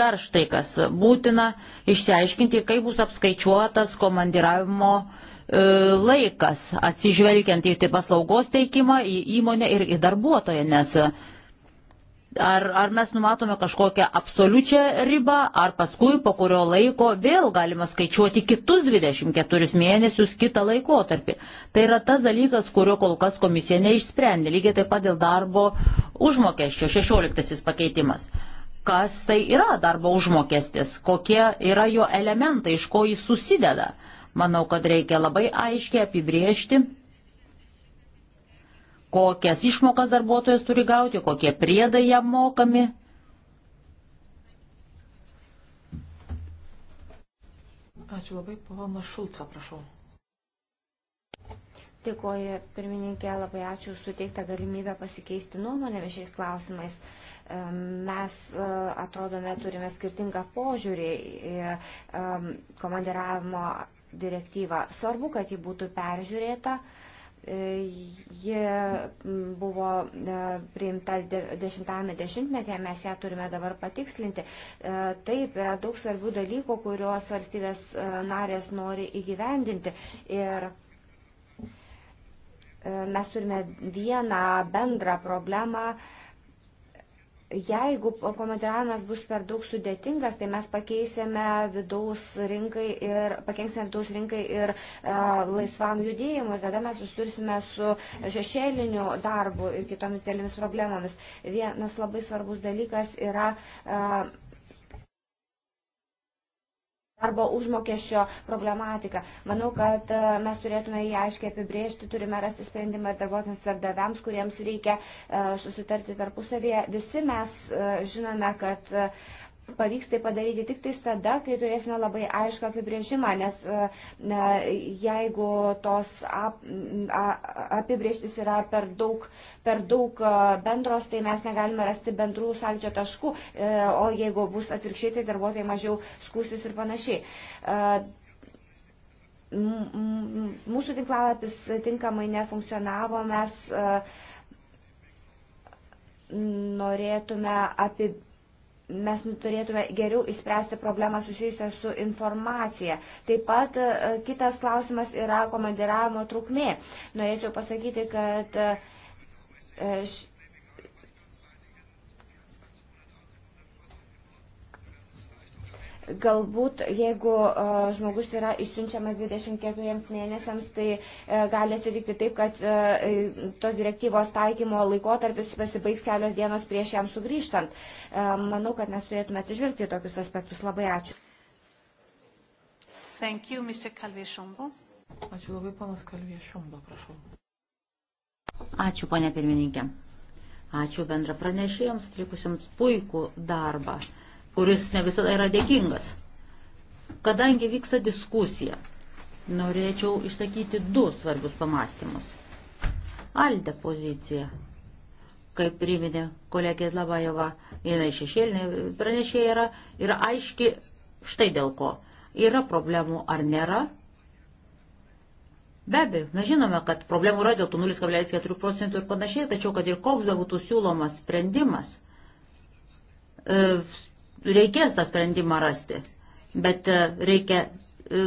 dar štai kas. Būtina išsiaiškinti, kaip bus apskaičiuotas komandiravimo e, laikas, atsižvelgiant į tai paslaugos teikimą, į įmonę ir į darbuotoją, nes Ar, ar mes numatome kažkokią absoliučią ribą, ar paskui po kurio laiko vėl galima skaičiuoti kitus 24 mėnesius kitą laikotarpį. Tai yra tas dalykas, kurio kol kas komisija neišsprendė. Lygiai taip pat dėl darbo užmokesčio 16 pakeitimas. Kas tai yra darbo užmokestis, kokie yra jo elementai, iš ko jis susideda. Manau, kad reikia labai aiškiai apibriežti kokias išmokas darbuotojas turi gauti, kokie priedai jam mokami. Ačiū labai, pana Šulca, prašau. Dėkuoju, pirmininkė, labai ačiū už suteiktą galimybę pasikeisti nuomonėmis šiais klausimais. Mes, e, atrodome, turime skirtingą požiūrį į komandiravimo direktyvą. Svarbu, kad ji būtų peržiūrėta E, ji buvo e, priimta dešimtame dešimtmetyje, mes ją turime dabar patikslinti. E, taip, yra daug svarbių dalykų, kuriuos valstybės narės nori įgyvendinti. Ir mes turime vieną bendrą problemą Jeigu komandiravimas bus per daug sudėtingas, tai mes pakeisime vidaus rinkai ir pakenksime vidaus rinkai ir e, laisvam judėjimui. Tada mes susidursime su šešėliniu darbu ir kitomis dėlėmis problemomis. Vienas labai svarbus dalykas yra e, darbo užmokesčio problematiką. Manau, kad e, mes turėtume jį aiškiai apibriežti, turime rasti sprendimą ir darbuotojams ir darbdaviams, kuriems reikia e, susitarti tarpusavėje. Visi mes e, žinome, kad pavyks tai padaryti tik tais tada, kai turėsime labai aišką apibrėžimą, nes e, na, jeigu tos ap, a, apibrėžtis yra per daug, per daug e, bendros, tai mes negalime rasti bendrų sąlyčio taškų, e, o jeigu bus atvirkščiai, tai darbuotojai mažiau skusis ir panašiai mūsų tinklalapis tinkamai nefunkcionavo, mes norėtume apie, mes turėtume geriau įspręsti problemą susijusią su informacija. Taip pat e, kitas klausimas yra komandiravimo trukmė. Norėčiau pasakyti, kad e, Galbūt, jeigu žmogus yra išsiunčiamas 24 mėnesiams, tai e, gali atsitikti taip, kad e, e, tos direktyvos taikymo laikotarpis pasibaigs kelios dienos prieš jam sugrįžtant. Manau, kad mes turėtume atsižvelgti tokius aspektus. Labai ačiū. Thank you, Mr. Kalviešombo. Ačiū labai, panas Kalviešombo, prašau. Ačiū, ponė pirmininkė. Ačiū bendra pranešėjams, atlikusiams puikų darbą kuris ne visada yra dėkingas. Kadangi vyksta diskusija, norėčiau išsakyti du svarbius pamastymus. Alde pozicija, kaip priminė kolegė Labajova, jinai šešėlinė pranešėja yra, yra aiški štai dėl ko. Yra problemų ar nėra, Be abejo, mes žinome, kad problemų yra dėl tų 0,4 procentų ir panašiai, tačiau kad ir koks būtų siūlomas sprendimas, e, reikės tą sprendimą rasti, bet e, reikia e,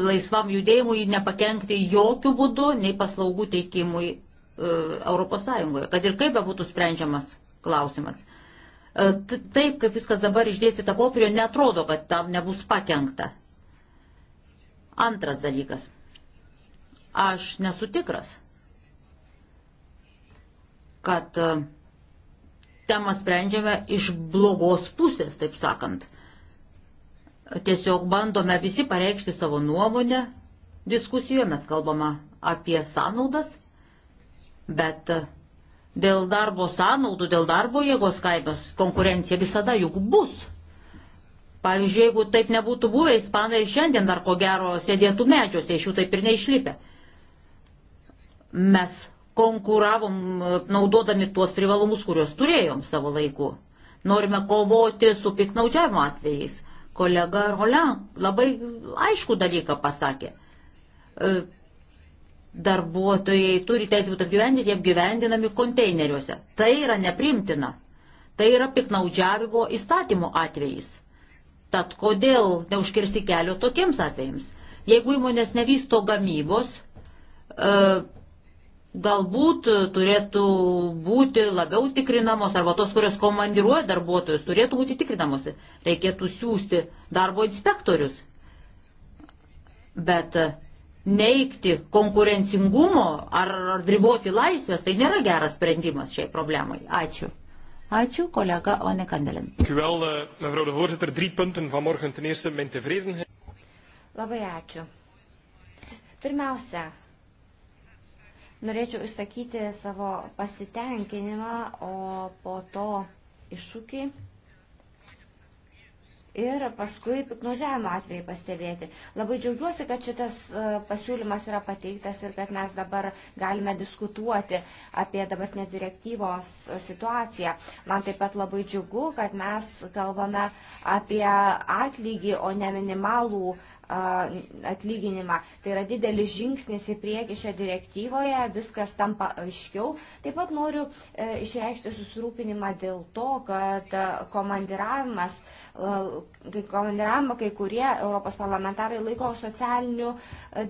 laisvam judėjimui nepakenkti jokių būdų nei paslaugų teikimui ES, kad ir kaip bebūtų sprendžiamas klausimas. E, taip, kaip viskas dabar išdėstyta popierio, netrodo, kad tam nebus pakengta. Antras dalykas. Aš nesu tikras, kad uh, temą sprendžiame iš blogos pusės, taip sakant. Tiesiog bandome visi pareikšti savo nuomonę diskusijoje, mes kalbame apie sąnaudas, bet dėl darbo sąnaudų, dėl darbo jėgos kainos konkurencija visada juk bus. Pavyzdžiui, jeigu taip nebūtų buvę, ispanai šiandien dar ko gero sėdėtų medžiuose, iš jų taip ir neišlipę. Mes konkuravom e, naudodami tuos privalumus, kuriuos turėjom savo laiku. Norime kovoti su piknaudžiavimo atvejais. Kolega Rolen labai aišku dalyką pasakė. E, darbuotojai turi teisę būti apgyvendinti, apgyvendinami konteineriuose. Tai yra neprimtina. Tai yra piknaudžiavimo įstatymo atvejais. Tad kodėl neužkirsti kelio tokiems atvejams? Jeigu įmonės nevysto gamybos, e, galbūt e, turėtų būti labiau tikrinamos arba tos, kurios komandiruoja darbuotojus, turėtų būti tikrinamos. Reikėtų siūsti darbo inspektorius. Bet e, neikti konkurencingumo ar, ar riboti laisvės, tai nėra geras sprendimas šiai problemai. Ačiū. Ačiū, kolega One Kandelin. Eh, Labai ačiū. Pirmiausia, Norėčiau išsakyti savo pasitenkinimą, o po to iššūkį ir paskui piknaudžiavimo atvejai pastebėti. Labai džiaugiuosi, kad šitas e, pasiūlymas yra pateiktas ir kad mes dabar galime diskutuoti apie dabartinės direktyvos situaciją. Man taip pat labai džiugu, kad mes kalbame apie atlygį, o ne minimalų atlyginimą. Tai yra didelis žingsnis į priekį šioje direktyvoje, viskas tampa aiškiau. Taip pat noriu e, išreikšti susirūpinimą dėl to, kad e, komandiravimas, e, kai komandiravimą kai kurie Europos parlamentarai laiko socialiniu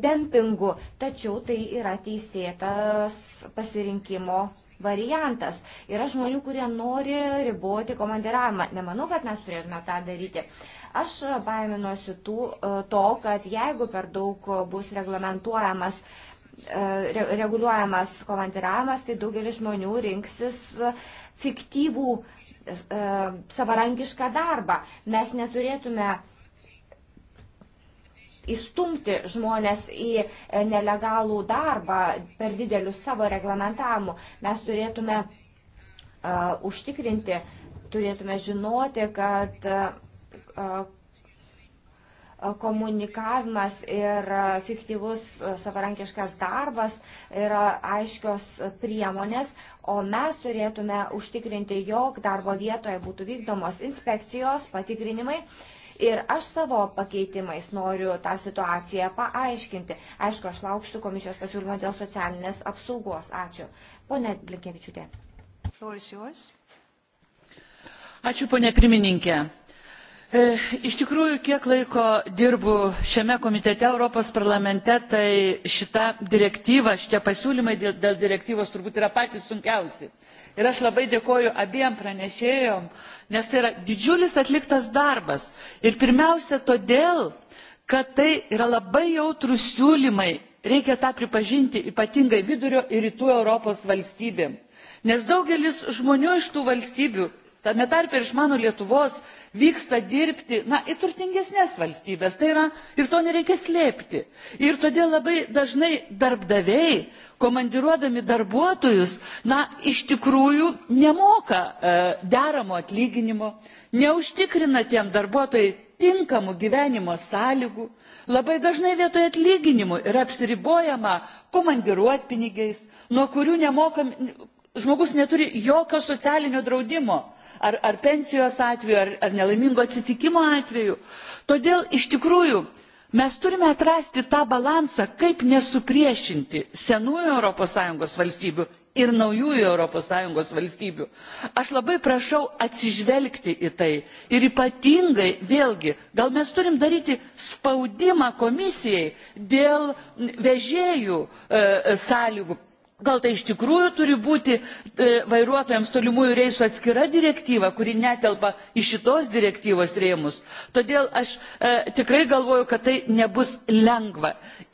dempingu, tačiau tai yra teisėtas pasirinkimo variantas. Yra žmonių, kurie nori riboti komandiravimą. Nemanau, kad mes turėtume tą daryti. Uh, Aš baiminuosi tų, e, to, kad jeigu per daug bus reglamentuojamas e, reguliuojamas komandiravimas, tai daugelis žmonių rinksis fiktyvų e, savarankišką darbą. Mes neturėtume įstumti žmonės į nelegalų darbą per didelius savo reglamentavimu. Mes turėtume uh, užtikrinti, turėtume žinoti, kad uh, komunikavimas ir fiktyvus savarankiškas darbas yra aiškios priemonės, o mes turėtume užtikrinti, jog darbo vietoje būtų vykdomos inspekcijos, patikrinimai. Ir aš savo pakeitimais noriu tą situaciją paaiškinti. Aišku, aš lauksiu komisijos pasiūlymo dėl socialinės apsaugos. Ačiū. Pone Blinkevičiūtė. Ačiū, ponė pirmininkė E, iš tikrųjų, kiek laiko dirbu šiame komitete Europos parlamente, tai šita direktyva, šitie pasiūlymai dėl, dėl direktyvos turbūt yra patys sunkiausi. Ir aš labai dėkoju abiem pranešėjom, nes tai yra didžiulis atliktas darbas. Ir pirmiausia todėl, kad tai yra labai jautrus siūlymai, reikia tą pripažinti ypatingai vidurio ir rytų Europos valstybėm. Nes daugelis žmonių iš tų valstybių tame tarpe ir iš mano Lietuvos, vyksta dirbti, na, į turtingesnės valstybės. Tai yra, ir to nereikia slėpti. Ir todėl labai dažnai darbdaviai, komandiruodami darbuotojus, na, iš tikrųjų nemoka e, deramo atlyginimo, neužtikrina tiem darbuotojai tinkamų gyvenimo sąlygų, labai dažnai vietoj atlyginimų yra apsiribojama komandiruotpinigiais, nuo kurių nemokam, žmogus neturi jokio socialinio draudimo ar, ar pensijos atveju, ar, ar nelaimingo atsitikimo atveju. Todėl iš tikrųjų mes turime atrasti tą balansą, kaip nesupriešinti senųjų ES valstybių ir naujųjų ES valstybių. Aš labai prašau atsižvelgti į tai ir ypatingai vėlgi, gal mes turim daryti spaudimą komisijai dėl vežėjų e, sąlygų Gal tai iš tikrųjų turi būti e, vairuotojams tolimųjų reisų atskira direktyva, kuri netelpa į šitos direktyvos rėmus. Todėl aš e, tikrai galvoju, kad tai nebus lengva.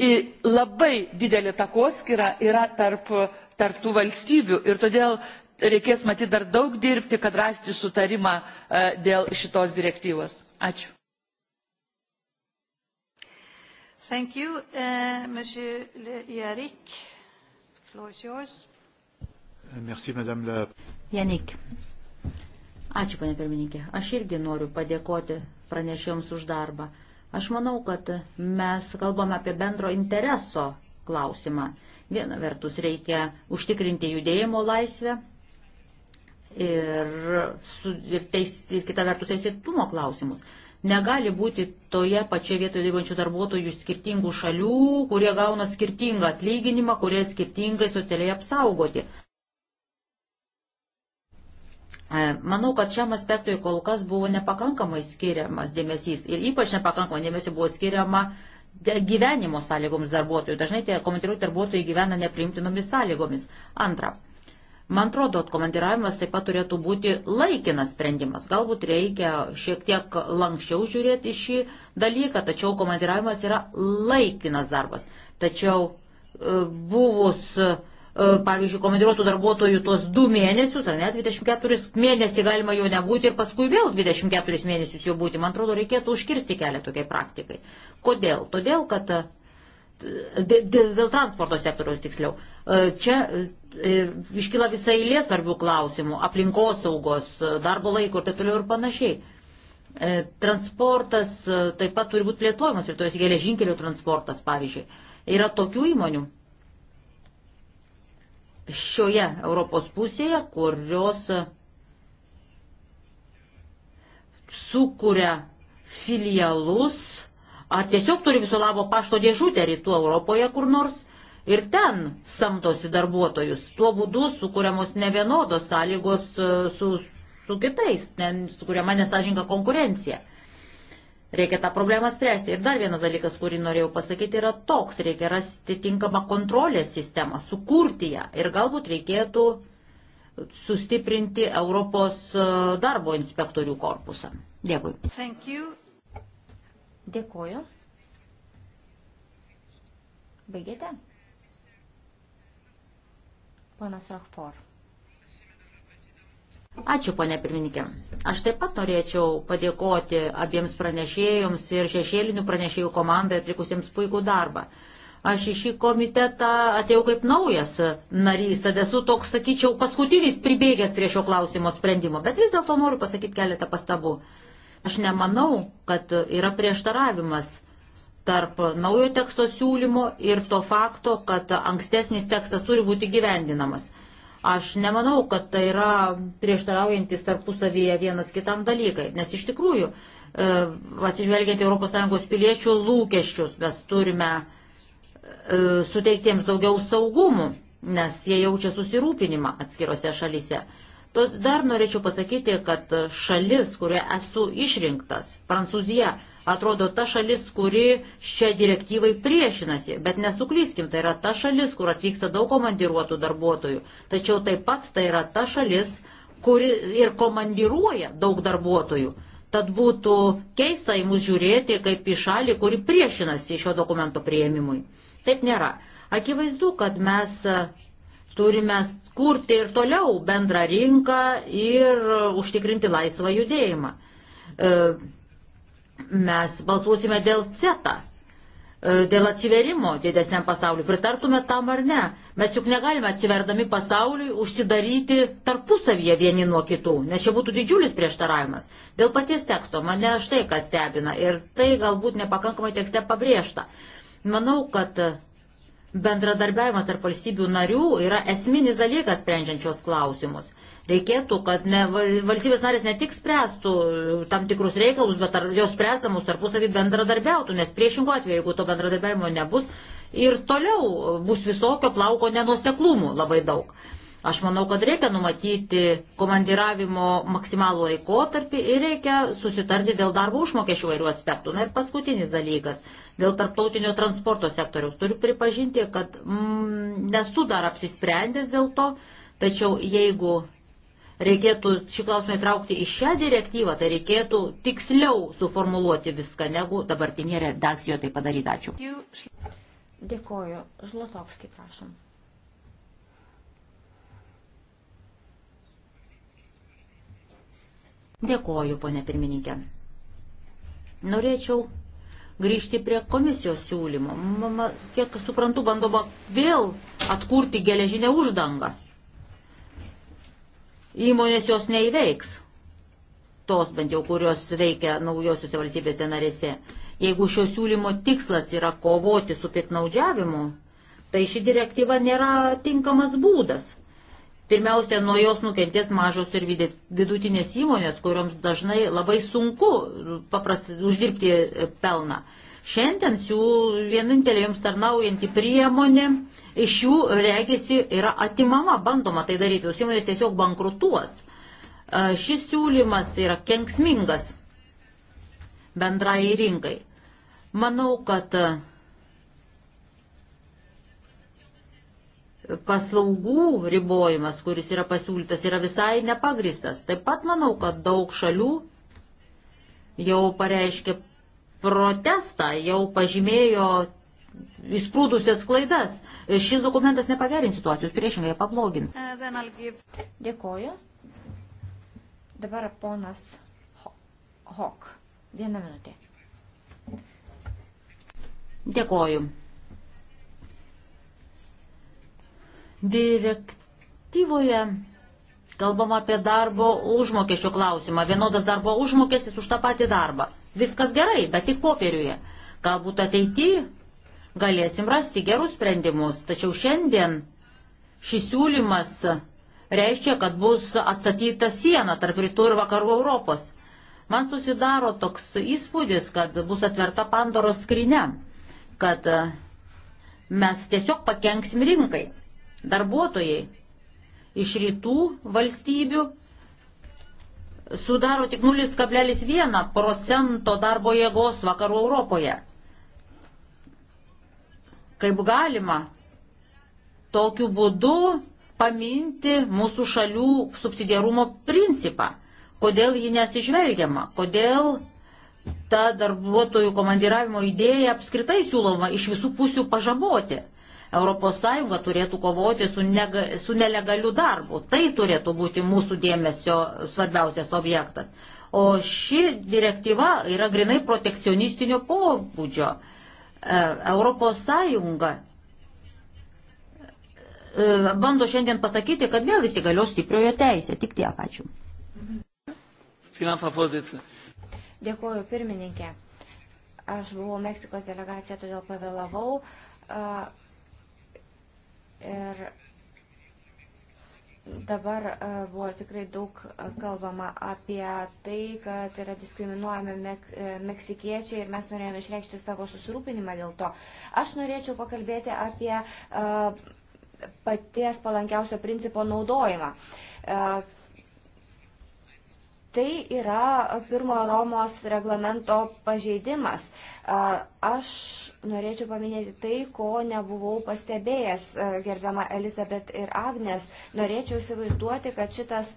I, labai didelė takoskira yra tarp, tarp tų valstybių ir todėl reikės matyti dar daug dirbti, kad rasti sutarimą e, dėl šitos direktyvos. Ačiū. Thank you, uh, Monsieur Yarik. Floor is yours. Uh, merci, madame la. Janik. Ačiū, panė pirmininkė. Aš irgi noriu padėkoti pranešėjams už darbą. Aš manau, kad mes kalbame apie bendro intereso klausimą. Viena vertus reikia užtikrinti judėjimo laisvę ir, su, ir, teis, ir kita vertus teisėtumo klausimus. Negali būti toje pačioje vietoje dirbančių darbuotojų iš skirtingų šalių, kurie gauna skirtingą atlyginimą, kurie skirtingai socialiai apsaugoti. E, manau, kad šiam aspektui kol kas buvo nepakankamai skiriamas dėmesys ir ypač nepakankamai dėmesio buvo skiriama gyvenimo sąlygoms darbuotojų. Dažnai tie komandiruoti darbuotojai gyvena nepriimtinomis sąlygomis. Antra, Man atrodo, komandiravimas taip pat turėtų būti laikinas sprendimas. Galbūt reikia šiek tiek lankščiau žiūrėti šį dalyką, tačiau komandiravimas yra laikinas darbas. Tačiau e, buvus, e, pavyzdžiui, komandiruotų darbuotojų tuos du mėnesius, ar net 24 mėnesį galima jo nebūti ir paskui vėl 24 mėnesius jo būti, man atrodo, reikėtų užkirsti kelią tokiai praktikai. Kodėl? Todėl, kad dėl transporto sektoriaus tiksliau. E, čia e, iškyla visai eilė svarbių klausimų - aplinkosaugos, e, darbo laiko ir taip toliau ir panašiai. Transportas taip pat turi būti plėtojamas ir tos geležinkelių transportas, pavyzdžiui. Yra tokių įmonių šioje Europos pusėje, kurios sukuria filialus ar tiesiog turi viso labo pašto dėžutę rytų Europoje kur nors ir ten samdosi darbuotojus. Tuo būdu sukūriamos nevienodos sąlygos e, su, su kitais, sukūriama nesažinga konkurencija. Reikia tą problemą spręsti. Ir dar vienas dalykas, kurį norėjau pasakyti, yra toks. Reikia rasti tinkamą kontrolės sistemą, sukurti ją. Ir galbūt reikėtų sustiprinti Europos e, darbo inspektorių korpusą. Dėkui. Thank you. Dėkoju. Baigėte? Ponas Rachfor. Ačiū, ponė pirmininkė. Aš taip pat norėčiau padėkoti abiems pranešėjams ir šešėlinių pranešėjų komandai atlikusiems puikų darbą. Aš į šį komitetą atėjau kaip naujas narys, tad esu toks, sakyčiau, paskutinis pribėgęs prie šio klausimo sprendimo, bet vis dėlto noriu pasakyti keletą pastabų. Uh, Aš nemanau, kad yra prieštaravimas tarp naujo teksto siūlymo ir to fakto, kad ankstesnis tekstas turi būti gyvendinamas. Aš nemanau, kad tai yra prieštaraujantis tarpusavyje vienas kitam dalykai, nes iš tikrųjų, e, atsižvelgiant ES piliečių lūkesčius, mes turime e, suteiktiems daugiau saugumų, nes jie jaučia susirūpinimą atskirose šalyse. To dar norėčiau pasakyti, kad šalis, kurioje esu išrinktas, Prancūzija, atrodo ta šalis, kuri šią direktyvai priešinasi, bet nesuklyskim, tai yra ta šalis, kur atvyksta daug komandiruotų darbuotojų, tačiau taip pat tai yra ta šalis, kuri ir komandiruoja daug darbuotojų. Tad būtų keista į mus žiūrėti kaip į šalį, kuri priešinasi šio dokumento prieimimui. Taip nėra. Akivaizdu, kad mes Turime kurti ir toliau bendrą rinką ir užtikrinti laisvą judėjimą. E, mes balsuosime dėl CETA, e, dėl atsiverimo didesniam pasauliu. Pritartume tam ar ne? Mes juk negalime atsiverdami pasauliui užsidaryti tarpusavyje vieni nuo kitų, nes čia būtų didžiulis prieštaravimas. Dėl paties teksto mane štai kas stebina ir tai galbūt nepakankamai tekste pabrėžta. Manau, kad bendradarbiavimas tarp valstybių narių yra esminis dalykas sprendžiančios klausimus. Reikėtų, kad ne, valstybės narės ne tik spręstų tam tikrus reikalus, bet ar jos spręsdamus tarpusavį bendradarbiautų, nes priešingų atveju, jeigu to bendradarbiavimo nebus, ir toliau bus visokio plauko nenuseklumų labai daug. Aš manau, kad reikia numatyti komandiravimo maksimalų laikotarpį ir reikia susitarti dėl darbo užmokesčių vairių aspektų. Na ir paskutinis dalykas Dėl tarptautinio transporto sektoriaus turiu pripažinti, kad mm, nesu dar apsisprendęs dėl to, tačiau jeigu reikėtų šį klausimą įtraukti į šią direktyvą, tai reikėtų tiksliau suformuluoti viską, negu dabartinė redakcija tai padaryti. Ačiū. Dėkoju. Žlotovskį prašom. Dėkoju, ponė pirmininkė. Norėčiau grįžti prie komisijos siūlymo. Mama, kiek suprantu, bandoma vėl atkurti geležinę uždangą. Įmonės jos neįveiks. Tos bent jau, kurios veikia naujosiuose valstybėse narėse. Jeigu šio siūlymo tikslas yra kovoti su piknaudžiavimu, tai ši direktyva nėra tinkamas būdas. Pirmiausia, nuo jos nukentės mažos ir vidutinės įmonės, kuriams dažnai labai sunku paprastai uždirbti e, pelną. Šiandien jų vienintelė jums tarnaujanti priemonė iš jų regisi yra atimama, bandoma tai daryti, jūs įmonės tiesiog bankrutuos. E, šis siūlymas yra kenksmingas bendrai rinkai. Manau, kad e, paslaugų ribojimas, kuris yra pasiūlytas, yra visai nepagristas. Taip pat manau, kad daug šalių jau pareiškė protestą, jau pažymėjo įsprūdusias klaidas. Šis dokumentas nepagerins situacijos, priešingai ją pablogins. E, Dėkoju. Dabar ponas Hok. Vieną minutę. Dėkoju. Direktyvoje kalbama apie darbo užmokesčio klausimą. Vienodas darbo užmokestis už tą patį darbą. Viskas gerai, bet tik popieriuje. Galbūt ateityje galėsim rasti gerus sprendimus, tačiau šiandien šis siūlymas reiškia, kad bus atstatyta siena tarp rytų ir vakarų Europos. Man susidaro toks įspūdis, kad bus atverta Pandoros skrinė, kad mes tiesiog pakenksim rinkai. Darbuotojai iš rytų valstybių sudaro tik 0,1 procento darbo jėgos vakarų Europoje. Kaip galima tokiu būdu paminti mūsų šalių subsidiarumo principą? Kodėl ji nesižvelgiama? Kodėl ta darbuotojų komandiravimo idėja apskritai siūloma iš visų pusių pažaboti? ES turėtų kovoti su, nega, su nelegaliu darbu. Tai turėtų būti mūsų dėmesio svarbiausias objektas. O ši direktyva yra grinai protekcionistinio pobūdžio. ES e, bando šiandien pasakyti, kad vėl įsigalios stipriojo teisė. Tik tiek, ačiū. Dėkuoju, pirmininkė. Aš buvau Meksikos delegacija, todėl pavėlavau. Ir dabar e, buvo tikrai daug e, kalbama apie tai, kad yra diskriminuojami mek e, meksikiečiai ir mes norėjome išreikšti savo susirūpinimą dėl to. Aš norėčiau pakalbėti apie a, paties palankiausio principo naudojimą. A, Tai yra pirmo Romos reglamento pažeidimas. Aš norėčiau paminėti tai, ko nebuvau pastebėjęs, gerbiama Elizabet ir Agnes. Norėčiau įsivaizduoti, kad šitas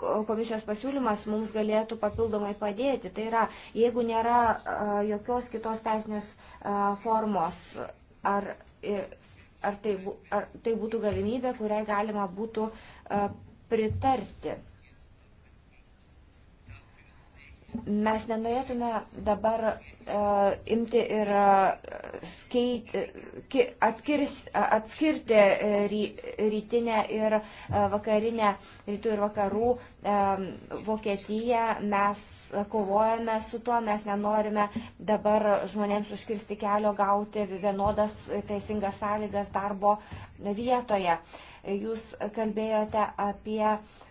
komisijos pasiūlymas mums galėtų papildomai padėti. Tai yra, jeigu nėra jokios kitos teisinės formos ar, ar, tai, ar tai būtų galimybė, kuriai galima būtų pritarti. Mes nenorėtume dabar uh, imti ir uh, e, skeit, ki, atkirs, atskirti e, ry, rytinę ir uh, vakarinę, rytų ir vakarų um, Vokietiją. Mes kovojame su tuo, mes nenorime dabar žmonėms užkirsti kelio gauti vienodas teisingas sąlygas darbo vietoje. Jūs kalbėjote apie uh,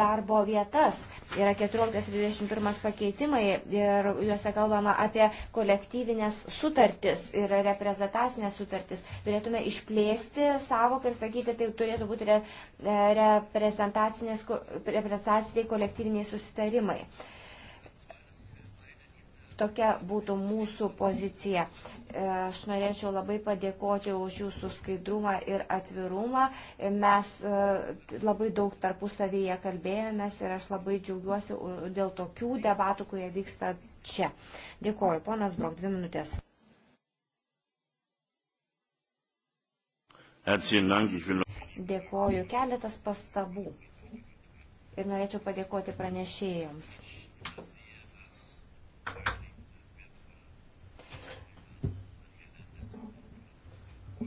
darbo vietas. Yra 14-21 pakeitimai ir juose kalbama apie kolektyvinės sutartis ir reprezentacinės sutartis. Turėtume išplėsti savoką ir sakyti, tai turėtų būti e, reprezentaciniai kolektyviniai susitarimai. Uh, Tokia būtų mūsų pozicija. E, aš norėčiau labai padėkoti už jūsų skaidrumą ir atvirumą. E, mes e, labai daug tarpusavyje kalbėjomės ir aš labai džiaugiuosi dėl tokių debatų, kurie vyksta čia. Dėkoju. Ponas Brok, dvi minutės. Dėkoju. Keletas pastabų. Ir norėčiau padėkoti pranešėjams.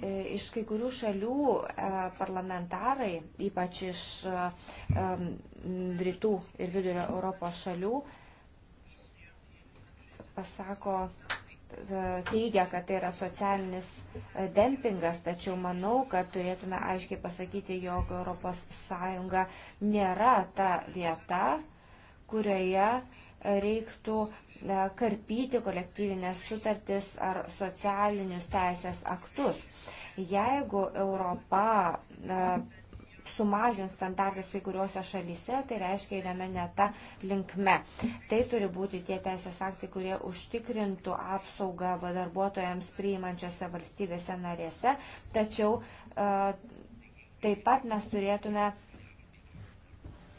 E, iš kai kurių šalių e, parlamentarai, ypač iš e, rytų ir vidurio Europos šalių, pasako, teigia, kad tai yra socialinis dempingas, tačiau manau, kad turėtume aiškiai pasakyti, jog ES nėra ta vieta, kurioje reiktų e, karpyti kolektyvinės sutartis ar socialinius teisės aktus. Jeigu Europa e, sumažins standartus kai kuriuose šalyse, tai reiškia įdame ne tą linkme. Tai turi būti tie teisės aktai, kurie užtikrintų apsaugą darbuotojams priimančiose valstybėse narėse, tačiau e, taip pat mes turėtume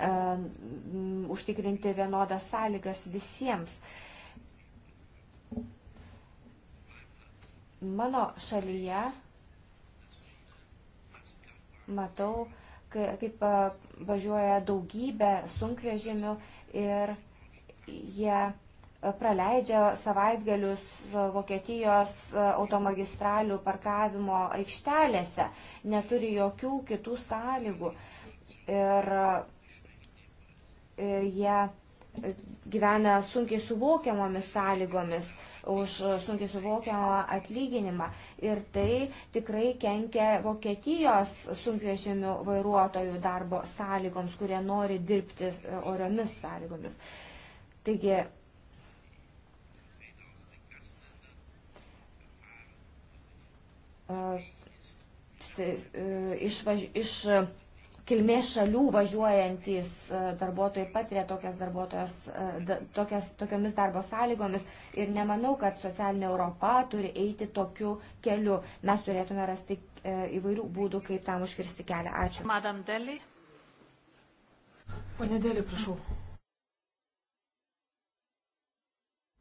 E, užtikrinti vienodas sąlygas visiems. Mano šalyje matau, kaip e, važiuoja daugybė sunkvežimių ir jie e, praleidžia savaitgalius Vokietijos automagistralių parkavimo aikštelėse, neturi jokių kitų sąlygų. Ir E, jie gyvena sunkiai suvokiamomis sąlygomis už e, sunkiai suvokiamą atlyginimą. Ir tai tikrai kenkia Vokietijos sunkvežimių vairuotojų darbo sąlygoms, kurie nori dirbti e, oriomis sąlygomis. Taigi, išvaž, iš kilmės šalių važiuojantys e, darbuotojai patiria tokias, e, da, tokias tokiomis darbo sąlygomis ir nemanau, kad socialinė Europa turi eiti tokiu keliu. Mes turėtume rasti e, įvairių būdų, kaip tam užkirsti kelią. Ačiū. Madam Deli. Pone Deli, prašau.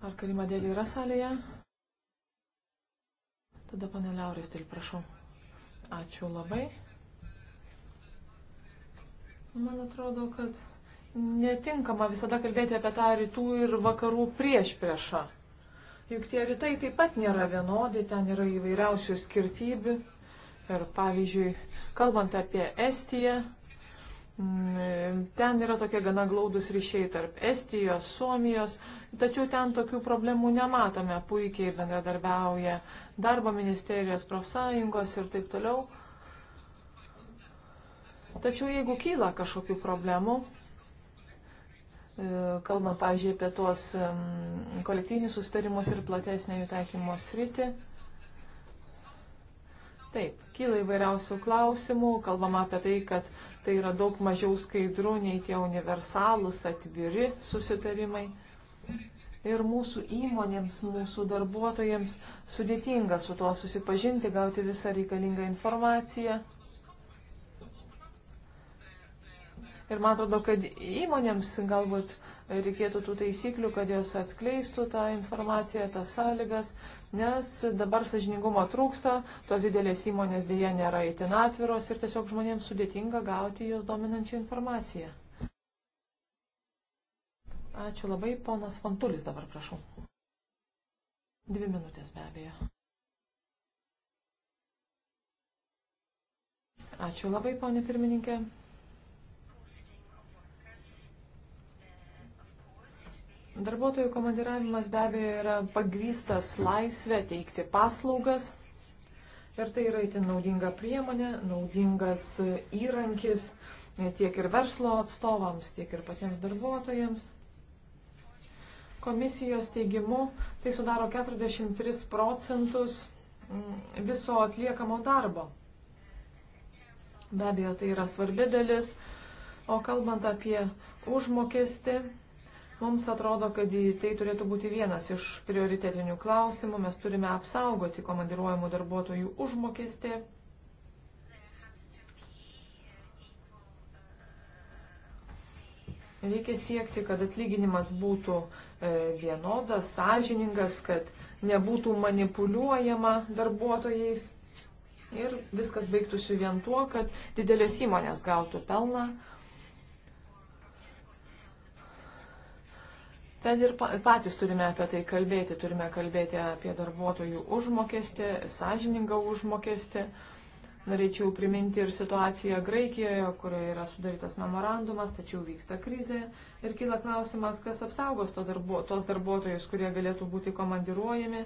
Ar Karima Deli yra salėje? Tada pane Laurės, dėl prašau. Ačiū labai. Man atrodo, kad netinkama visada kalbėti apie tą rytų ir vakarų prieš priešą. Juk tie rytai taip pat nėra vienodi, ten yra įvairiausių skirtybių. Ir pavyzdžiui, kalbant apie Estiją, mm, ten yra tokie gana glaudus ryšiai tarp Estijos, Suomijos, tačiau ten tokių problemų nematome, puikiai bendradarbiauja darbo ministerijos, profsąjungos ir taip toliau. Tačiau jeigu kyla kažkokių problemų, e, kalbant, pavyzdžiui, apie tuos kolektyvinius sustarimus ir platesnę jų taikymo sritį, Taip, kyla įvairiausių klausimų, kalbama apie tai, kad tai yra daug mažiau skaidru nei tie universalūs, atviri susitarimai. Ir mūsų įmonėms, mūsų darbuotojams sudėtinga su tuo susipažinti, gauti visą reikalingą informaciją. Ir man atrodo, kad įmonėms galbūt reikėtų tų taisyklių, kad jos atskleistų tą informaciją, tas sąlygas, nes dabar sažiningumo trūksta, tos didelės įmonės dėje nėra įtin atviros ir tiesiog žmonėms sudėtinga gauti jos dominančią informaciją. Ačiū labai, ponas Fantulis dabar prašau. Dvi minutės be abejo. Ačiū labai, ponė pirmininkė. Darbuotojų komandiravimas be abejo yra pagrystas laisvė teikti paslaugas. Ir tai yra itin naudinga priemonė, naudingas įrankis tiek ir verslo atstovams, tiek ir patiems darbuotojams. Komisijos teigimu tai sudaro 43 procentus mm, viso atliekamo darbo. Be abejo, tai yra svarbi dalis. O kalbant apie užmokestį, Mums atrodo, kad tai turėtų būti vienas iš prioritetinių klausimų. Mes turime apsaugoti komandiruojamų darbuotojų užmokestį. Reikia siekti, kad atlyginimas būtų e, vienodas, sąžiningas, kad nebūtų manipuliuojama darbuotojais. Ir viskas baigtųsi vien tuo, kad didelės įmonės gautų pelną, Tad ir patys turime apie tai kalbėti, turime kalbėti apie darbuotojų užmokestį, sąžiningą užmokestį. Norėčiau priminti ir situaciją Graikijoje, kurioje yra sudarytas memorandumas, tačiau vyksta krizė ir kyla klausimas, kas apsaugos to darbu, tos darbuotojus, kurie galėtų būti komandiruojami,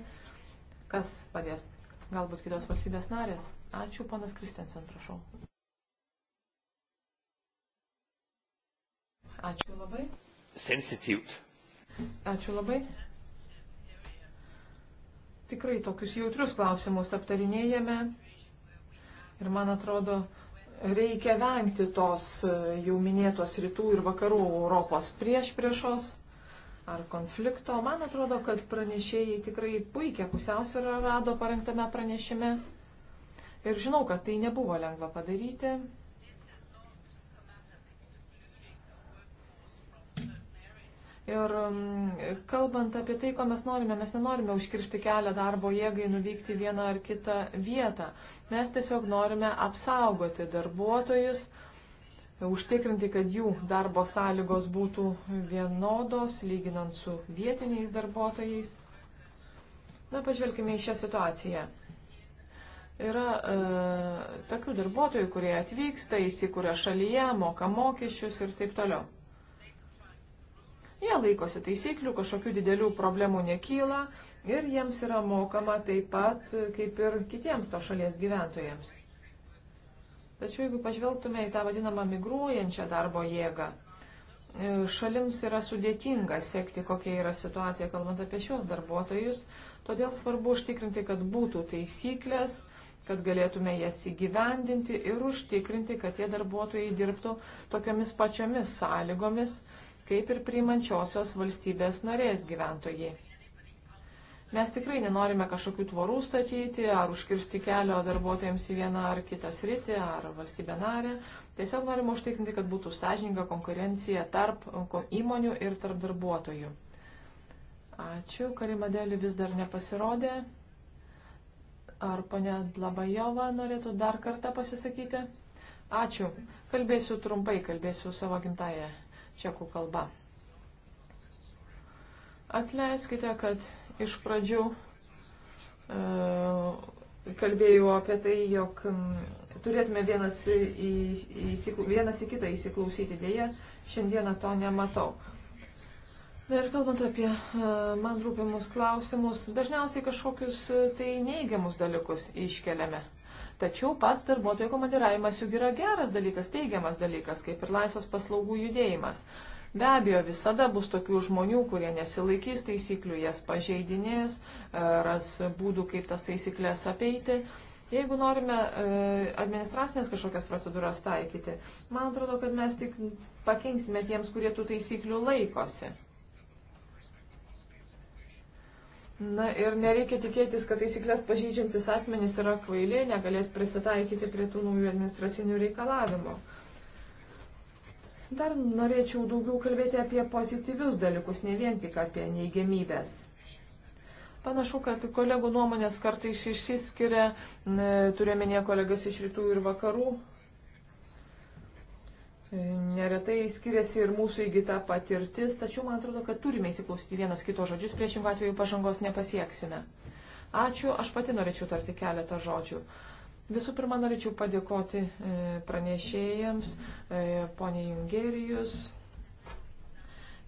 kas padės galbūt kitos valstybės narės. Ačiū, ponas Kristensen, prašau. Ačiū labai. Sensitivt. Ačiū labai. Tikrai tokius jautrius klausimus aptarinėjame ir man atrodo, reikia vengti tos e, jau minėtos rytų ir vakarų Europos prieš priešos ar konflikto. Man atrodo, kad pranešėjai tikrai puikia pusiausvėra rado parengtame pranešime ir žinau, kad tai nebuvo lengva padaryti. Ir mm, kalbant apie tai, ko mes norime, mes nenorime užkirsti kelią darbo jėgai nuvykti vieną ar kitą vietą. Mes tiesiog norime apsaugoti darbuotojus, užtikrinti, kad jų darbo sąlygos būtų vienodos, lyginant su vietiniais darbuotojais. Na, pažvelkime į šią situaciją yra e, tokių darbuotojų, kurie atvyksta, įsikūrė šalyje, moka mokesčius ir taip toliau. Jie laikosi taisyklių, kažkokių didelių problemų nekyla ir jiems yra mokama taip pat kaip ir kitiems to šalies gyventojams. Tačiau jeigu pažvelgtume į tą vadinamą migruojančią darbo jėgą, e, šalims yra sudėtinga sekti, kokia yra situacija, kalbant apie šios darbuotojus, todėl svarbu užtikrinti, kad būtų taisyklės, kad galėtume jas įgyvendinti ir užtikrinti, kad tie darbuotojai dirbtų tokiamis pačiamis sąlygomis, kaip ir priimančiosios valstybės narės gyventojai. Mes tikrai nenorime kažkokių tvorų statyti ar užkirsti kelio darbuotojams į vieną ar kitą sritį ar valstybę narę. Tiesiog norime užtikrinti, kad būtų sąžininga konkurencija tarp įmonių ir tarp darbuotojų. Ačiū. Karimadėlį vis dar nepasirodė. Ar ponia Dlabajova norėtų dar kartą pasisakyti? Ačiū. Kalbėsiu trumpai, kalbėsiu savo gimtają čekų kalba. Atleiskite, kad iš pradžių e, kalbėjau apie tai, jog mm, turėtume vienas į, į, vienas į kitą įsiklausyti dėje, šiandieną to nematau. Ir kalbant apie e, man rūpimus klausimus, dažniausiai kažkokius e, tai neigiamus dalykus iškeliame. Tačiau pas darbuotojų komandiravimas juk yra geras dalykas, teigiamas dalykas, kaip ir laisvas paslaugų judėjimas. Be abejo, visada bus tokių žmonių, kurie nesilaikys taisyklių, jas pažeidinės, e, ras būdų, kaip tas taisyklės apeiti. Jeigu norime e, administracinės kažkokias procedūras taikyti, man atrodo, kad mes tik pakenksime tiems, kurie tų taisyklių laikosi. Na ir nereikia tikėtis, kad taisyklės pažydžiantis asmenys yra kvaili, negalės prisitaikyti prie tų naujų administracinių reikalavimų. Dar norėčiau daugiau kalbėti apie pozityvius dalykus, ne vien tik apie neigiamybės. Panašu, kad kolegų nuomonės kartais išsiskiria, turėminė kolegas iš rytų ir vakarų Neretai skiriasi ir mūsų įgyta patirtis, tačiau man atrodo, kad turime įsiklausyti vienas kito žodžius, priešingų atveju pažangos nepasieksime. Ačiū, aš pati norėčiau tarti keletą žodžių. Visų pirma, norėčiau padėkoti e, pranešėjams, e, poniai Jungerijus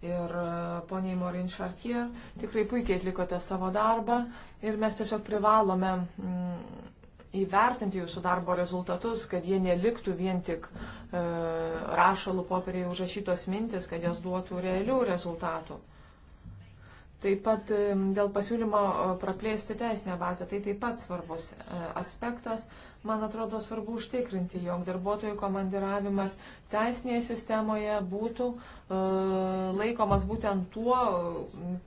ir e, poniai Morin Chartier. Tikrai puikiai atlikote savo darbą ir mes tiesiog privalome. Mm, įvertinti jūsų darbo rezultatus, kad jie neliktų vien tik e, rašalų popieriai užrašytos mintis, kad jos duotų realių rezultatų. Taip pat e, dėl pasiūlymo e, praplėsti teisinę bazę, tai taip pat svarbus e, aspektas. Man atrodo svarbu užtikrinti, jog darbuotojų komandiravimas teisinėje sistemoje būtų laikomas būtent tuo,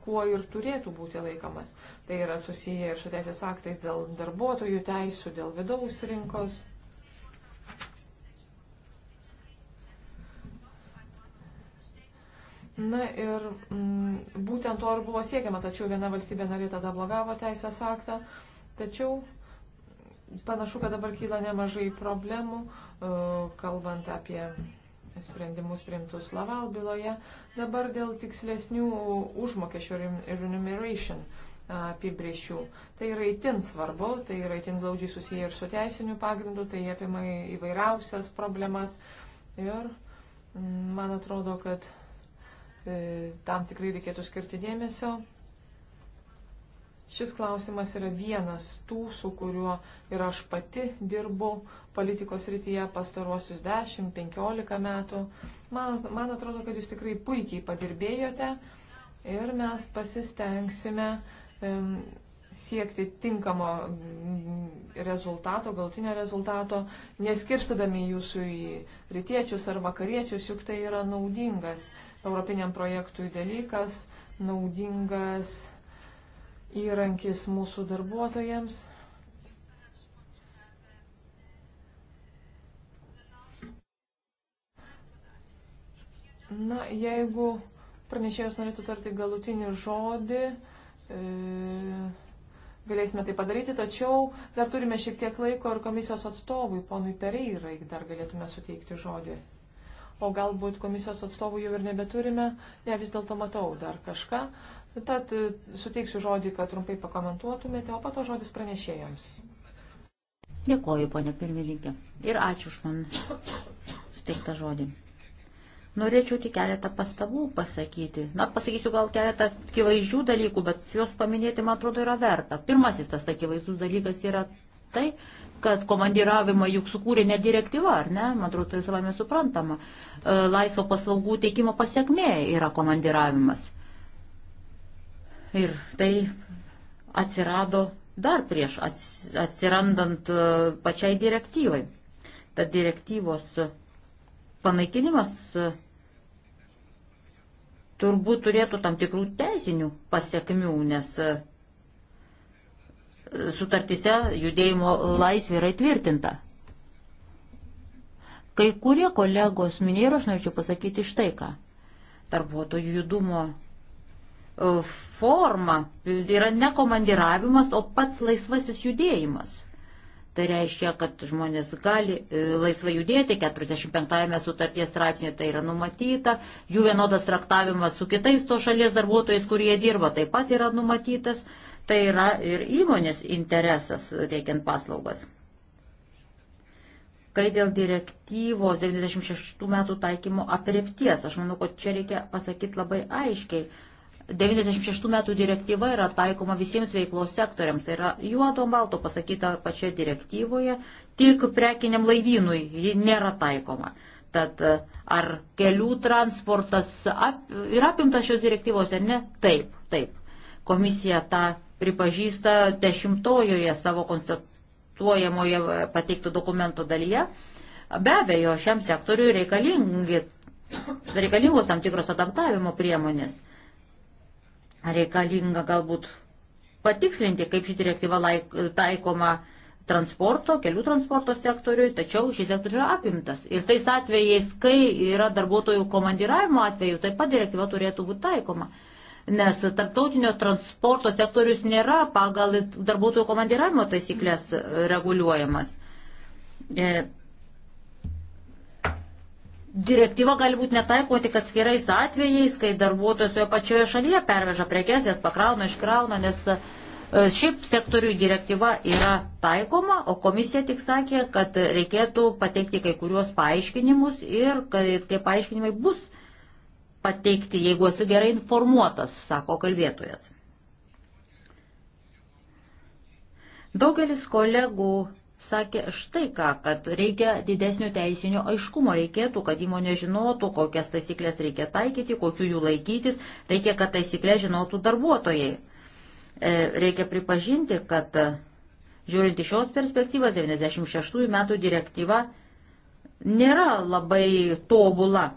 kuo ir turėtų būti laikomas. Tai yra susiję ir su teisės aktais dėl darbuotojų teisų, dėl vidaus rinkos. Na ir m, mm, būtent to ir buvo siekiama, tačiau viena valstybė narė tada blogavo teisės aktą, tačiau panašu, kad dabar kyla nemažai problemų, e, kalbant apie sprendimus priimtus Laval byloje, dabar dėl tikslesnių užmokesčių remuneration. Rem apibriešių. Tai yra itin svarbu, tai yra itin glaudžiai susiję ir su teisiniu pagrindu, tai apima įvairiausias problemas. Ir mm, man atrodo, kad e, tam tikrai reikėtų skirti dėmesio. Šis klausimas yra vienas tų, su kuriuo ir aš pati dirbu politikos rytyje pastaruosius 10-15 metų. Man, man atrodo, kad jūs tikrai puikiai padirbėjote ir mes pasistengsime uh, siekti tinkamo rezultato, galtinio rezultato, neskirstydami jūsų į rytiečius ar vakariečius, juk tai yra naudingas europiniam projektui dalykas, naudingas įrankis mūsų darbuotojams. Na, jeigu pranešėjas norėtų tarti galutinį žodį, E, galėsime tai padaryti, tačiau dar turime šiek tiek laiko ir komisijos atstovui, ponui Pereirai, dar galėtume suteikti žodį. O galbūt komisijos atstovų jau ir nebeturime, ne vis dėlto matau dar kažką. Tad e, suteiksiu žodį, kad trumpai pakomentuotumėte, o pato žodis pranešėjams. Dėkoju, ponė pirmininkė. Ir ačiū už man suteiktą žodį. Norėčiau tik keletą pastabų pasakyti. Na, pasakysiu gal keletą akivaizdžių dalykų, bet juos paminėti, man atrodo, yra verta. Pirmasis tas akivaizdus dalykas yra tai, kad komandiravimą juk sukūrė ne direktyva, ar ne? Man atrodo, tai savame suprantama. E, laisvo paslaugų teikimo pasiekmė yra komandiravimas. Ir tai atsirado dar prieš atsirandant e, pačiai direktyvai. Ta direktyvos panaikinimas e, turbūt turėtų tam tikrų teisinių pasiekmių, nes e, sutartise judėjimo laisvė yra įtvirtinta. Kai kurie kolegos minėjo, aš norėčiau pasakyti štai ką. Darbuotojų judumo e, forma yra ne komandiravimas, o pats laisvasis judėjimas. Tai reiškia, kad žmonės gali e, laisvai judėti, 45-ame sutarties straipsnėje tai yra numatyta, jų vienodas traktavimas su kitais to šalies darbuotojais, kurie dirba, taip pat yra numatytas, tai yra ir įmonės interesas teikiant paslaugas. Kai dėl direktyvos 96 metų taikymo apriepties, aš manau, kad čia reikia pasakyti labai aiškiai, 96 metų direktyva yra taikoma visiems veiklos sektoriams. Tai yra juodo balto pasakyta pačioje direktyvoje, tik prekiniam laivynui ji nėra taikoma. Tad ar kelių transportas ap, yra apimtas šios direktyvos ar ne? Taip, taip. Komisija tą pripažįsta dešimtojoje savo konstatuojamoje pateiktų dokumento dalyje. Be abejo, šiam sektoriui reikalingi, reikalingos tam tikros adaptavimo priemonės. Reikalinga galbūt patikslinti, kaip ši direktyva laik, taikoma transporto, kelių transporto sektoriui, tačiau šis sektorius yra apimtas. Ir tais atvejais, kai yra darbuotojų komandiravimo atveju, taip pat direktyva turėtų būti taikoma. Nes tarptautinio transporto sektorius nėra pagal darbuotojų komandiravimo taisyklės reguliuojamas. E, direktyva gali būti netaikoma tik atskirais atvejais, kai darbuotojas toje pačioje šalyje perveža prekes, jas pakrauna, iškrauna, nes e, šiaip sektoriui direktyva yra taikoma, o komisija tik sakė, kad reikėtų pateikti kai kuriuos paaiškinimus ir kad tie paaiškinimai bus pateikti, jeigu esi gerai informuotas, sako kalbėtojas. Daugelis kolegų sakė štai ką, kad reikia didesnio teisinio aiškumo, reikėtų, kad įmonė žinotų, kokias taisyklės reikia taikyti, kokiu jų laikytis, reikia, kad taisyklę žinotų darbuotojai. E, reikia pripažinti, kad e, žiūrint iš šios perspektyvas, 96 metų direktyva nėra labai tobula.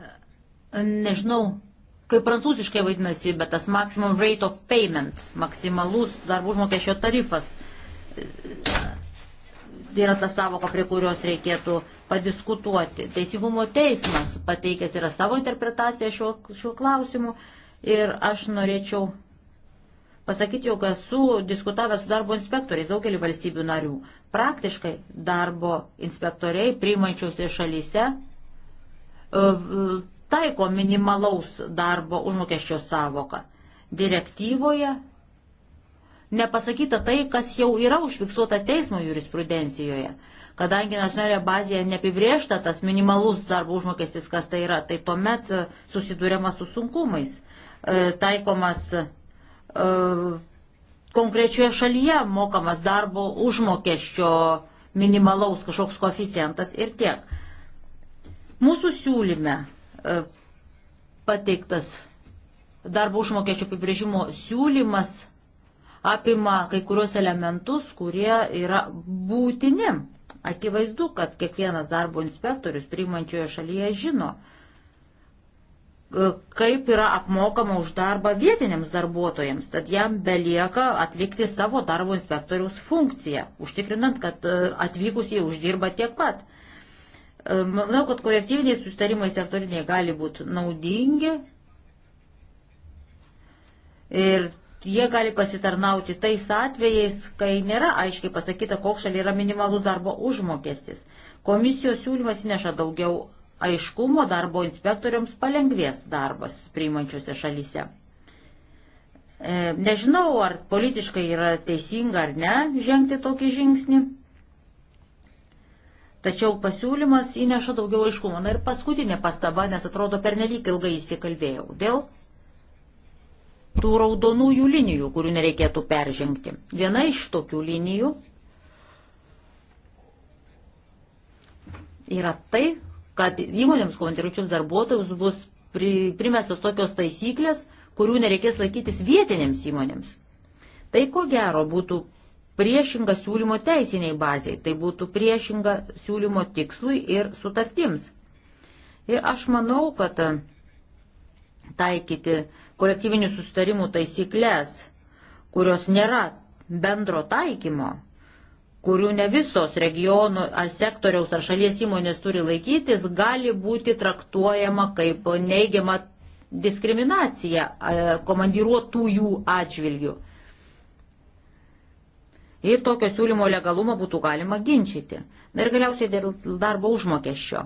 E, nežinau, kaip prancūziškai vadinasi, bet tas maximum rate of payment, maksimalus darbų užmokesčio tarifas, e, yra ta savoka, prie kurios reikėtų padiskutuoti. Teisingumo teismas pateikęs yra savo interpretaciją šiuo, šiuo klausimu ir aš norėčiau pasakyti, jog esu diskutavęs su darbo inspektoriais daugelį valstybių narių. Praktiškai darbo inspektoriai priimančiuose šalyse e, taiko minimalaus darbo užmokesčio savoką. Direktyvoje nepasakyta tai, kas jau yra užfiksuota teismo jurisprudencijoje. Kadangi nacionalinėje bazėje neapibriešta tas minimalus darbo užmokestis, kas tai yra, tai tuomet e, susidūrėma su sunkumais. E, taikomas e, konkrečioje šalyje mokamas darbo užmokesčio minimalaus kažkoks koeficientas ir tiek. Mūsų siūlyme E, pateiktas darbo užmokesčio apibrėžimo siūlymas apima kai kurios elementus, kurie yra būtini. Akivaizdu, kad kiekvienas darbo inspektorius priimančioje šalyje žino, e, kaip yra apmokama už darbą vietiniams darbuotojams, tad jam belieka atlikti savo darbo inspektoriaus funkciją, užtikrinant, kad e, atvykus jie uždirba tiek pat. Manau, kad kolektyviniai sustarimai sektoriniai gali būti naudingi ir jie gali pasitarnauti tais atvejais, kai nėra aiškiai pasakyta, koks šalia yra minimalus darbo užmokestis. Komisijos siūlymas įneša daugiau aiškumo darbo inspektoriams palengvės darbas priimančiose šalyse. E, nežinau, ar politiškai yra teisinga ar ne žengti tokį žingsnį. Tačiau pasiūlymas įneša daugiau aiškumo. Na ir paskutinė pastaba, nes atrodo pernelyg ilgai įsikalbėjau. Dėl tų raudonųjų linijų, kurių nereikėtų peržengti. Viena iš tokių linijų yra tai, kad įmonėms komandiručiams darbuotojams bus primestos tokios taisyklės, kurių nereikės laikytis vietinėms įmonėms. Tai ko gero būtų priešinga siūlymo teisiniai baziai, tai būtų priešinga siūlymo tikslui ir sutartims. Ir aš manau, kad e, taikyti kolektyvinių sustarimų taisyklės, kurios nėra bendro taikymo, kurių ne visos regionų ar sektoriaus ar šalies įmonės turi laikytis, gali būti traktuojama kaip neigiama diskriminacija e, komandiruotųjų atžvilgių jei tokio siūlymo legalumą būtų galima ginčyti. Na ir galiausiai dėl darbo užmokesčio.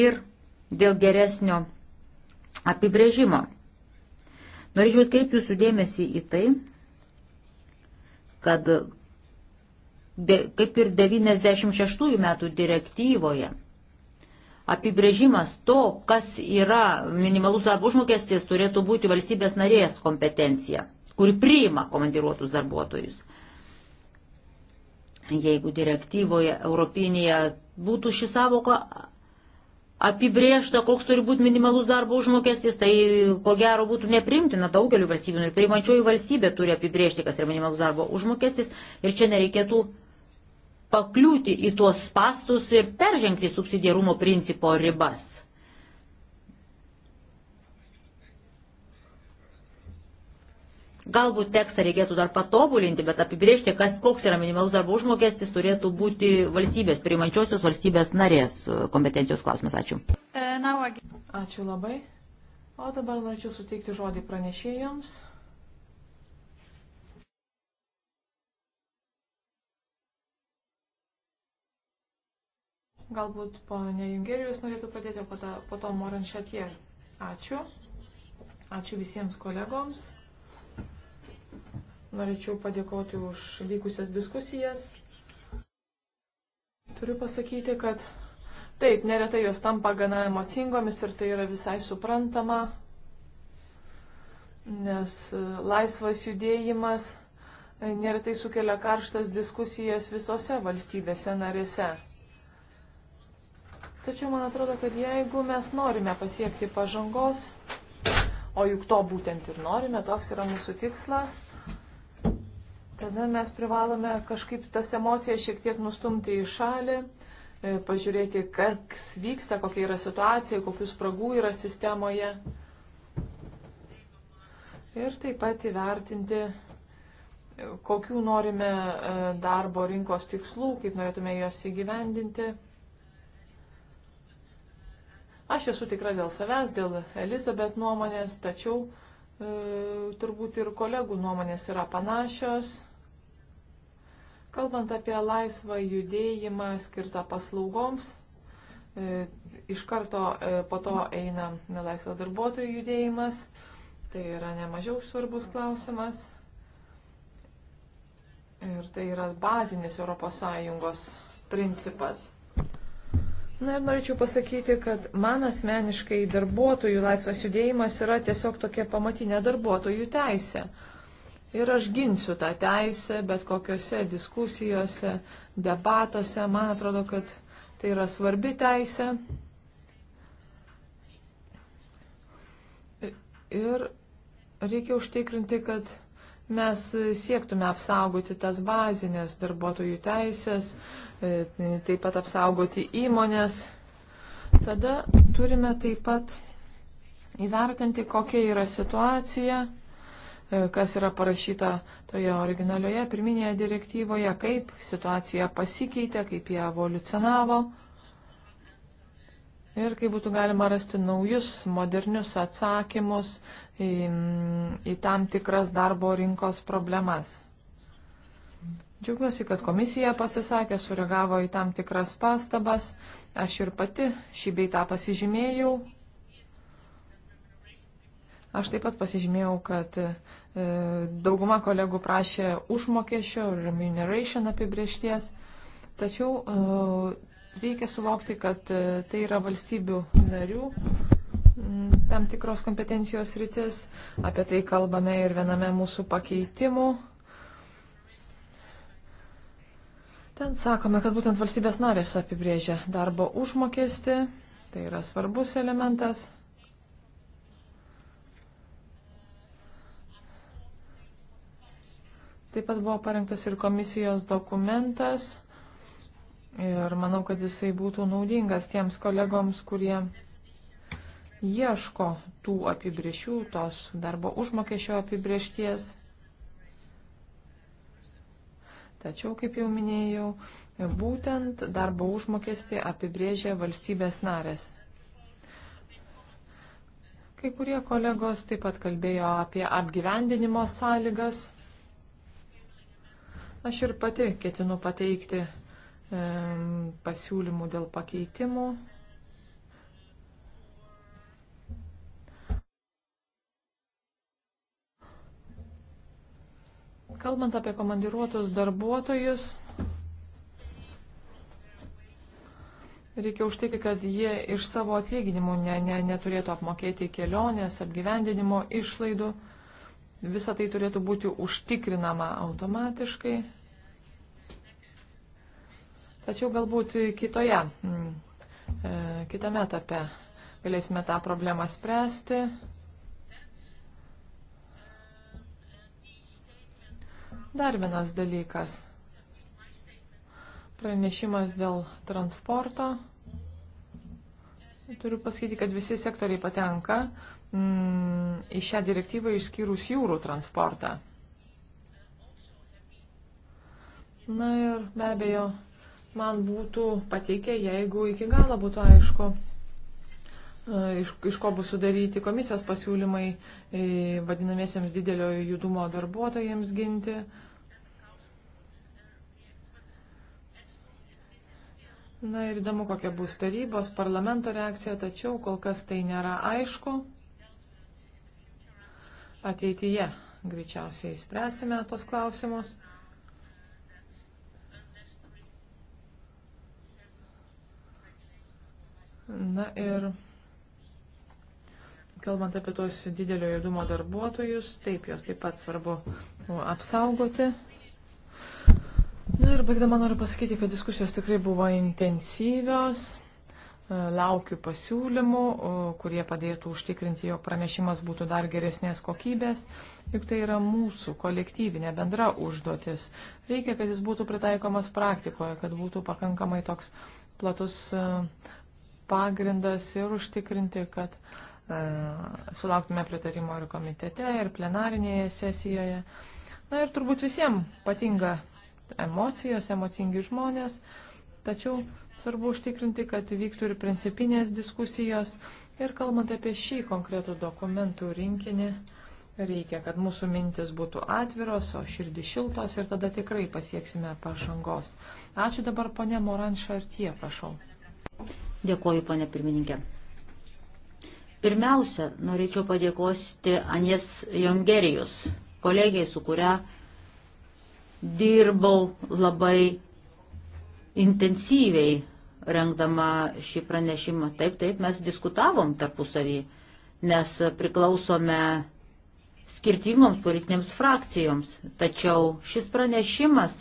Ir dėl geresnio apibrėžimo. Norėčiau atkreipti jūsų dėmesį į tai, kad de, kaip ir 96 metų direktyvoje apibrėžimas to, kas yra minimalus darbo užmokestis, turėtų būti valstybės narės kompetencija kuri priima komandiruotus darbuotojus. Jeigu direktyvoje europinėje būtų ši savoka apibriešta, koks turi būti minimalus darbo užmokestis, tai ko gero būtų neprimtina daugeliu valstybių. Ir priimančioji valstybė turi apibriežti, kas yra minimalus darbo užmokestis. Ir čia nereikėtų pakliūti į tuos pastus ir peržengti subsidiarumo principo ribas. Galbūt tekstą reikėtų dar patobulinti, bet apibriežti, kas, koks yra minimalus darbo užmokestis, turėtų būti valstybės, priimančiosios valstybės narės kompetencijos klausimas. Ačiū. E, Ačiū labai. O dabar norėčiau suteikti žodį pranešėjams. Galbūt ponė Jungerijus norėtų pradėti, o po to, po to Moran Šatier. Ačiū. Ačiū visiems kolegoms. Norėčiau padėkoti už vykusias diskusijas. Turiu pasakyti, kad taip, neretai jos tampa gana emocingomis ir tai yra visai suprantama, nes e, laisvas judėjimas e, neretai sukelia karštas diskusijas visose valstybėse narėse. Tačiau man atrodo, kad jeigu mes norime pasiekti pažangos, o juk to būtent ir norime, toks yra mūsų tikslas, tada mes privalome kažkaip tas emocijas šiek tiek nustumti į šalį, e, pažiūrėti, kas vyksta, kokia yra situacija, kokius spragų yra sistemoje. Ir taip pat įvertinti, e, kokių norime e, darbo rinkos tikslų, kaip norėtume juos įgyvendinti. Aš esu tikra dėl savęs, dėl Elizabet nuomonės, tačiau e, turbūt ir kolegų nuomonės yra panašios. Kalbant apie laisvą judėjimą skirtą paslaugoms, e, iš karto e, po to eina laisvas darbuotojų judėjimas. Tai yra nemažiau svarbus klausimas. Ir tai yra bazinis ES principas. Na ir norėčiau pasakyti, kad man asmeniškai darbuotojų laisvas judėjimas yra tiesiog tokia pamatinė darbuotojų teisė. Ir aš ginsiu tą teisę, bet kokiuose diskusijose, debatuose, man atrodo, kad tai yra svarbi teisė. Ir reikia užtikrinti, kad mes siektume apsaugoti tas bazinės darbuotojų teisės, taip pat apsaugoti įmonės. Tada turime taip pat įvertinti, kokia yra situacija kas yra parašyta toje originalioje pirminėje direktyvoje, kaip situacija pasikeitė, kaip jie evoliucionavo ir kaip būtų galima rasti naujus, modernius atsakymus į, į tam tikras darbo rinkos problemas. Džiaugiuosi, kad komisija pasisakė, sureagavo į tam tikras pastabas. Aš ir pati šį beitą pasižymėjau. Aš taip pat pasižymėjau, kad E, dauguma kolegų prašė užmokesčio, remuneration apibriešties, tačiau e, reikia suvokti, kad e, tai yra valstybių narių tam tikros kompetencijos rytis. Apie tai kalbame ir viename mūsų pakeitimų. Ten sakome, kad būtent valstybės narės apibrėžia darbo užmokestį. Tai yra svarbus elementas. Taip pat buvo parengtas ir komisijos dokumentas ir manau, kad jisai būtų naudingas tiems kolegoms, kurie ieško tų apibriešių, tos darbo užmokesčio apibriešties. Tačiau, kaip jau minėjau, būtent darbo užmokestį apibrėžia valstybės narės. Kai kurie kolegos taip pat kalbėjo apie apgyvendinimo sąlygas. Aš ir pati ketinu pateikti e, pasiūlymų dėl pakeitimų. Kalbant apie komandiruotus darbuotojus, reikia užtikrinti, kad jie iš savo atlyginimų ne, ne, neturėtų apmokėti kelionės, apgyvendinimo išlaidų. Visa tai turėtų būti užtikrinama automatiškai. Tačiau galbūt kitoje, mm, e, kitame etape galėsime tą problemą spręsti. Dar vienas dalykas. Pranešimas dėl transporto. Turiu pasakyti, kad visi sektoriai patenka Mm, į šią direktyvą išskyrus jūrų transportą. Na ir be abejo, man būtų pateikę, jeigu iki galo būtų aišku, e, iš, iš ko bus sudaryti komisijos pasiūlymai e, vadinamiesiems didelio judumo darbuotojams ginti. Na ir įdomu, kokia bus tarybos, parlamento reakcija, tačiau kol kas tai nėra aišku ateityje greičiausiai spręsime tos klausimus. Na ir kalbant apie tos didelio judumo darbuotojus, taip, jos taip pat svarbu apsaugoti. Na ir baigdama noriu pasakyti, kad diskusijos tikrai buvo intensyvios. Laukiu pasiūlymų, kurie padėtų užtikrinti, jog pranešimas būtų dar geresnės kokybės, juk tai yra mūsų kolektyvinė bendra užduotis. Reikia, kad jis būtų pritaikomas praktikoje, kad būtų pakankamai toks platus e, pagrindas ir užtikrinti, kad e, sulauktume pritarimo ir komitete, ir plenarinėje sesijoje. Na ir turbūt visiems patinga emocijos, emocingi žmonės, tačiau Svarbu užtikrinti, kad vyktų ir principinės diskusijos. Ir kalbant apie šį konkretų dokumentų rinkinį, reikia, kad mūsų mintis būtų atviros, o širdis šiltos ir tada tikrai pasieksime pažangos. Ačiū dabar ponė Moranša ir tie, prašau. Dėkoju, ponė pirmininkė. Pirmiausia, norėčiau padėkoti Anės Jongerijus, kolegijai, su kuria dirbau labai intensyviai rengdama šį pranešimą. Taip, taip, mes diskutavom tarpusavį, nes priklausome skirtingoms politinėms frakcijoms. Tačiau šis pranešimas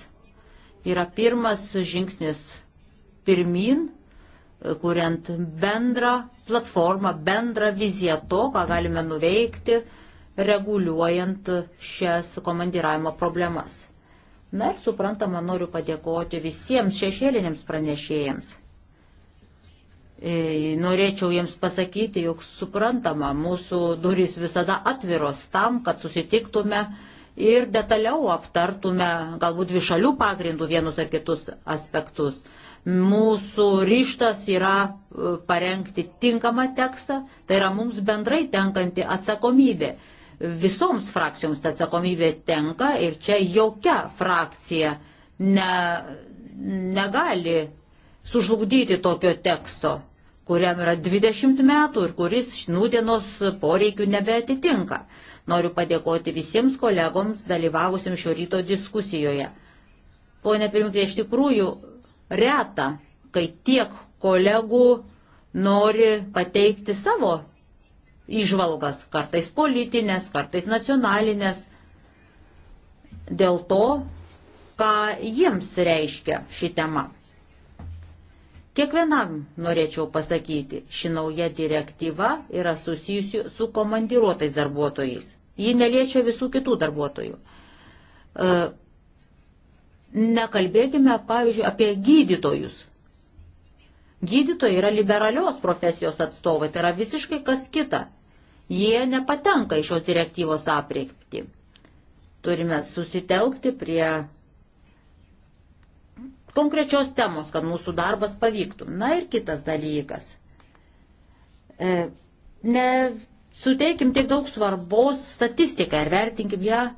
yra pirmas žingsnis pirmin, kuriant bendrą platformą, bendrą viziją to, ką galime nuveikti, reguliuojant šias komandiravimo problemas. Na ir suprantama, noriu padėkoti visiems šešėliniams pranešėjams. E, norėčiau jiems pasakyti, jog suprantama, mūsų durys visada atviros tam, kad susitiktume ir detaliau aptartume galbūt višalių pagrindų vienus ar kitus aspektus. Mūsų ryštas yra e, parengti tinkamą tekstą, tai yra mums bendrai tenkanti atsakomybė visoms frakcijoms ta atsakomybė tenka ir čia jokia frakcija ne, negali sužlugdyti tokio teksto, kuriam yra 20 metų ir kuris nūdienos poreikių nebeatitinka. Noriu padėkoti visiems kolegoms dalyvavusiems šio ryto diskusijoje. Pone pirmininkai, iš tikrųjų reta, kai tiek kolegų nori pateikti savo išvalgas, kartais politinės, kartais nacionalinės, dėl to, ką jiems reiškia ši tema. Kiekvienam norėčiau pasakyti, ši nauja direktyva yra susijusi su komandiruotais darbuotojais. Ji neliečia visų kitų darbuotojų. E, nekalbėkime, pavyzdžiui, apie gydytojus. Gydytojai yra liberalios profesijos atstovai, tai yra visiškai kas kita jie nepatenka į šios direktyvos apriekti. Turime susitelkti prie konkrečios temos, kad mūsų darbas pavyktų. Na ir kitas dalykas. E, ne suteikim tiek daug svarbos statistiką ir vertinkim ją e,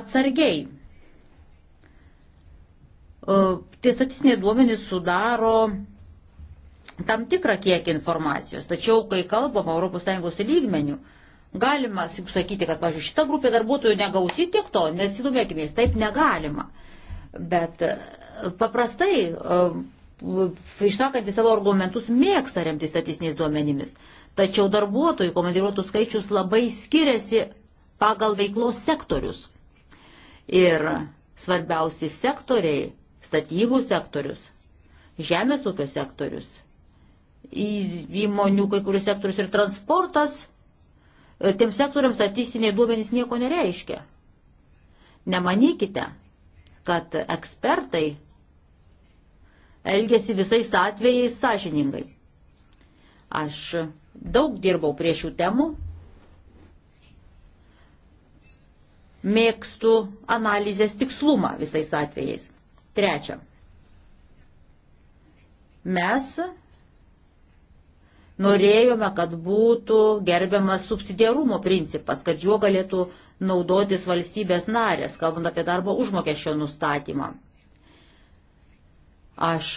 atsargiai. E, tie statistiniai duomenys sudaro tam tikrą kiekį informacijos. Tačiau, kai kalbama ES lygmenių, galima sakyti, kad, pažiūrėjau, šita grupė darbuotojų negausi tiek to, nesidomėkime, taip negalima. Bet e, paprastai, e, išsakant į savo argumentus, mėgsta remti statistiniais duomenimis. Tačiau darbuotojų komandiruotų skaičius labai skiriasi pagal veiklos sektorius. Ir svarbiausi sektoriai - statybų sektorius, žemės ūkio sektorius įmonių, kai kurių sektorius ir transportas, e, tiem sektoriams statistiniai duomenys nieko nereiškia. Nemanykite, kad ekspertai elgesi visais atvejais sąžiningai. Aš daug dirbau prie šių temų, mėgstu analizės tikslumą visais atvejais. Trečia. Mes Norėjome, kad būtų gerbiamas subsidiarumo principas, kad juo galėtų naudotis valstybės narės, kalbant apie darbo užmokesčio nustatymą. Aš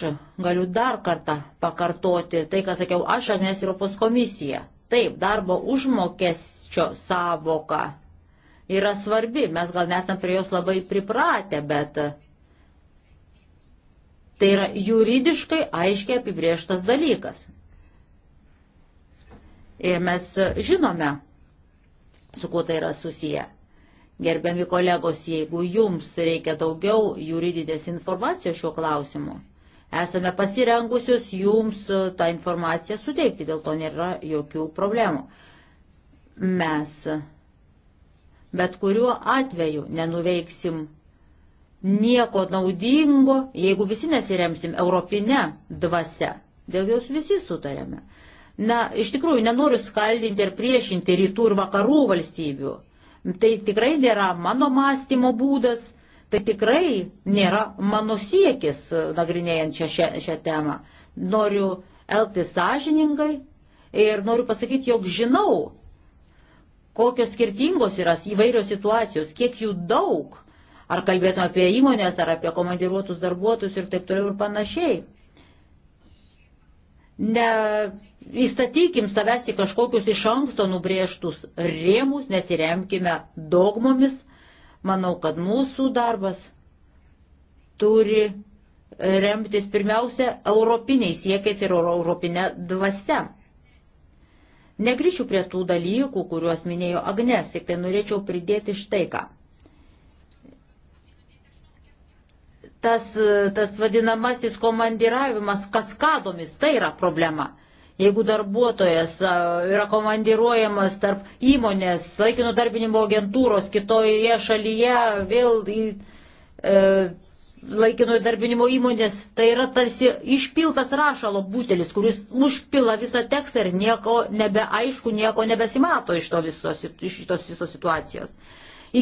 galiu dar kartą pakartoti tai, ką sakiau aš, ar nes Europos komisija. Taip, darbo užmokesčio savoka yra svarbi, mes gal nesam prie jos labai pripratę, bet tai yra juridiškai aiškiai apibrieštas dalykas. Ir mes žinome, su kuo tai yra susiję. Gerbiami kolegos, jeigu jums reikia daugiau juridinės informacijos šiuo klausimu, esame pasirengusios jums tą informaciją suteikti, dėl to nėra jokių problemų. Mes bet kuriuo atveju nenuveiksim nieko naudingo, jeigu visi nesiremsim europinę dvasę. Dėl jos visi sutarėme. Na, iš tikrųjų, nenoriu skaldinti ir priešinti rytų ir vakarų valstybių. Tai tikrai nėra mano mąstymo būdas, tai tikrai nėra mano siekis nagrinėjant šią, šią, šią temą. Noriu elgtis sąžiningai ir noriu pasakyti, jog žinau, kokios skirtingos yra įvairios situacijos, kiek jų daug, ar kalbėtume apie įmonės, ar apie komandiruotus darbuotojus ir taip toliau ir panašiai. Ne įstatykim savęs į kažkokius iš anksto nubrėžtus rėmus, nesiremkime dogmomis. Manau, kad mūsų darbas turi remtis pirmiausia europiniais siekiais ir europinė dvasia. Negryšiu prie tų dalykų, kuriuos minėjo Agnes, tik tai norėčiau pridėti štai ką. Tas, tas vadinamasis komandiravimas kaskadomis, tai yra problema Jeigu darbuotojas yra komandiruojamas tarp įmonės, laikino darbinimo agentūros, kitoje šalyje vėl į e, laikino darbinimo įmonės, tai yra tarsi išpiltas rašalo butelis, kuris užpila visą tekstą ir nieko nebeaišku, nieko nebesimato iš, to visos, iš tos visos situacijos.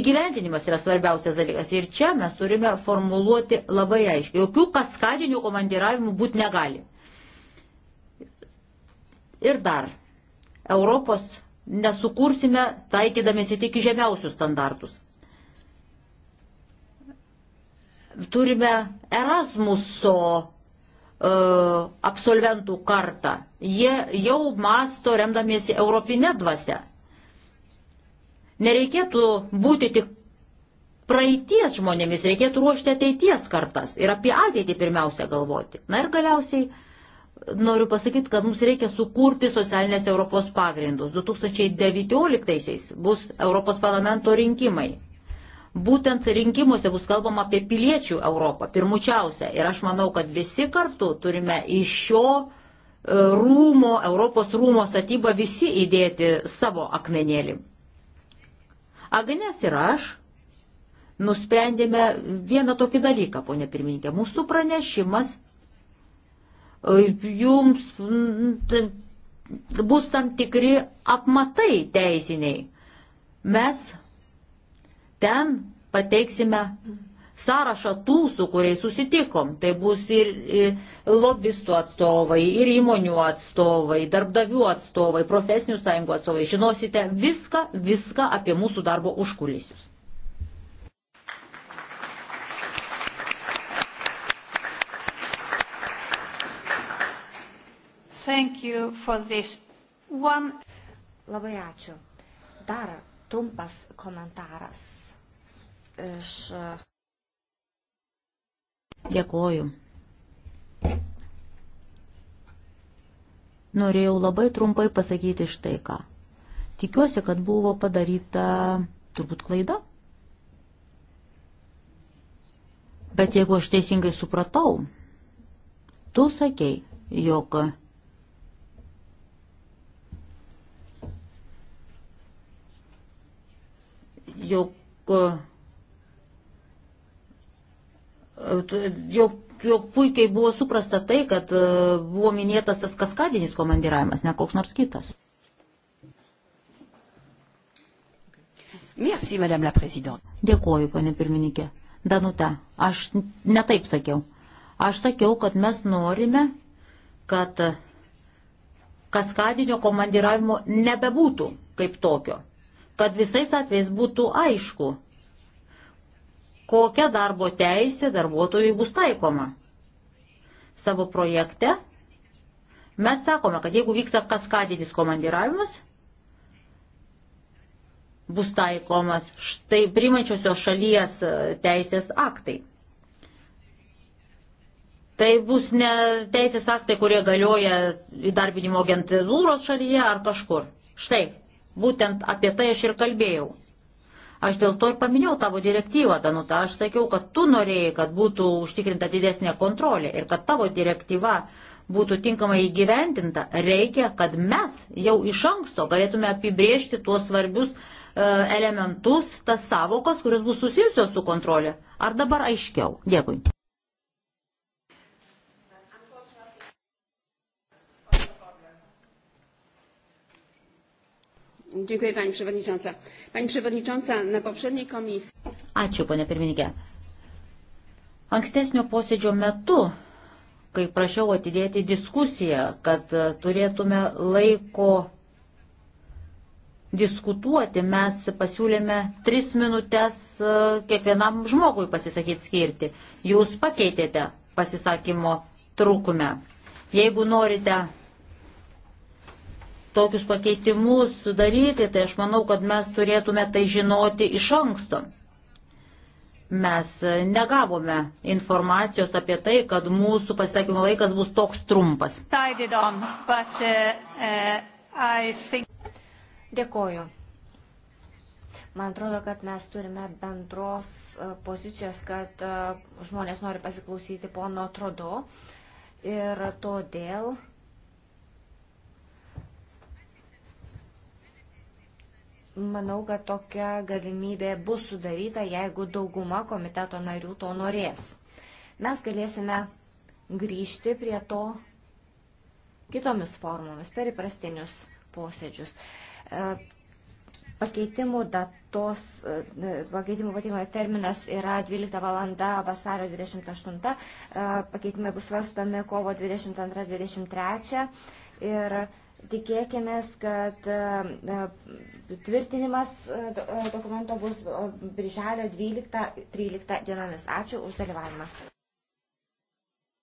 Įgyventinimas yra svarbiausias dalykas. Ir čia mes turime formuluoti labai aiškiai. Jokių kaskadinių komandiravimų būti negali. Ir dar, Europos nesukursime taikydamėsi tik žemiausius standartus. Turime Erasmuso uh, absolventų kartą. Jie jau masto remdamiesi europinė dvasia. Nereikėtų būti tik praeities žmonėmis, reikėtų ruošti ateities kartas ir apie ateitį pirmiausia galvoti. Na ir galiausiai noriu pasakyti, kad mums reikia sukurti socialinės Europos pagrindus. 2019 bus Europos parlamento rinkimai. Būtent rinkimuose bus kalbama apie piliečių Europą, pirmučiausia. Ir aš manau, kad visi kartu turime iš šio e, rūmo, Europos rūmo statybą visi įdėti savo akmenėlį. Agnes ir aš nusprendėme vieną tokį dalyką, ponė pirmininkė. Mūsų pranešimas jums tai bus tam tikri apmatai teisiniai. Mes ten pateiksime sąrašą tų, su kuriais susitikom. Tai bus ir lobistų atstovai, ir įmonių atstovai, darbdavių atstovai, profesinių sąjungų atstovai. Žinosite viską, viską apie mūsų darbo užkulisius. Thank you for this one. Labai ačiū. Dar trumpas komentaras iš. Dėkoju. Norėjau labai trumpai pasakyti štai ką. Tikiuosi, kad buvo padaryta turbūt klaida. Bet jeigu aš teisingai supratau, tu sakei, jog jog, jog, jog puikiai buvo suprasta tai, kad e, buvo minėtas tas kaskadinis komandiravimas, ne koks nors kitas. Merci, Madame la Présidente. Dėkuoju, ponė pirmininkė. Danute, aš netaip sakiau. Aš sakiau, kad mes norime, kad kaskadinio komandiravimo nebebūtų kaip tokio kad visais atvejais būtų aišku, kokia darbo teisė darbuotojui bus taikoma. Savo projekte mes sakome, kad jeigu vyksta kaskadinis komandiravimas, bus taikomas štai primančiosios šalies e, teisės aktai. Tai bus ne teisės aktai, kurie galioja įdarbinimo agentūros šalyje ar kažkur. Štai, Būtent apie tai aš ir kalbėjau. Aš dėl to ir paminėjau tavo direktyvą, Danuta. Aš sakiau, kad tu norėjai, kad būtų užtikrinta didesnė kontrolė ir kad tavo direktyva būtų tinkamai įgyvendinta. Reikia, kad mes jau iš anksto galėtume apibriežti tuos svarbius e, elementus, tas savokas, kuris bus susijusios su kontrolė. Ar dabar aiškiau? Dėkui. Dziękuję Pani Przewodnicząca. Pani Przewodnicząca, na poprzedniej komisji. Ačiū, ponė pirmininkė. Ankstesnio posėdžio metu, kai prašiau atidėti diskusiją, kad turėtume laiko diskutuoti, mes pasiūlėme tris minutės e, kiekvienam žmogui pasisakyti skirti. Jūs pakeitėte pasisakymo trūkumę. Jeigu norite tokius pakeitimus daryti, tai aš manau, kad mes turėtume tai žinoti iš anksto. Mes negavome informacijos apie tai, kad mūsų pasiekimo laikas bus toks trumpas. Uh, uh, Dėkoju. Man atrodo, kad mes turime bendros uh, pozicijos, kad žmonės nori pasiklausyti pono Trodo ir todėl Manau, kad tokia galimybė bus sudaryta, jeigu dauguma komiteto narių to norės. Mes galėsime grįžti prie to kitomis formomis, per įprastinius posėdžius. E, pakeitimų datos, e, pakeitimų patimo terminas yra 12 val. vasario 28, e, pakeitimai bus svarstami kovo 22-23 ir Tikėkime, kad e, e, tvirtinimas e, dokumento bus birželio 12-13 dienomis. Ačiū už dalyvavimą.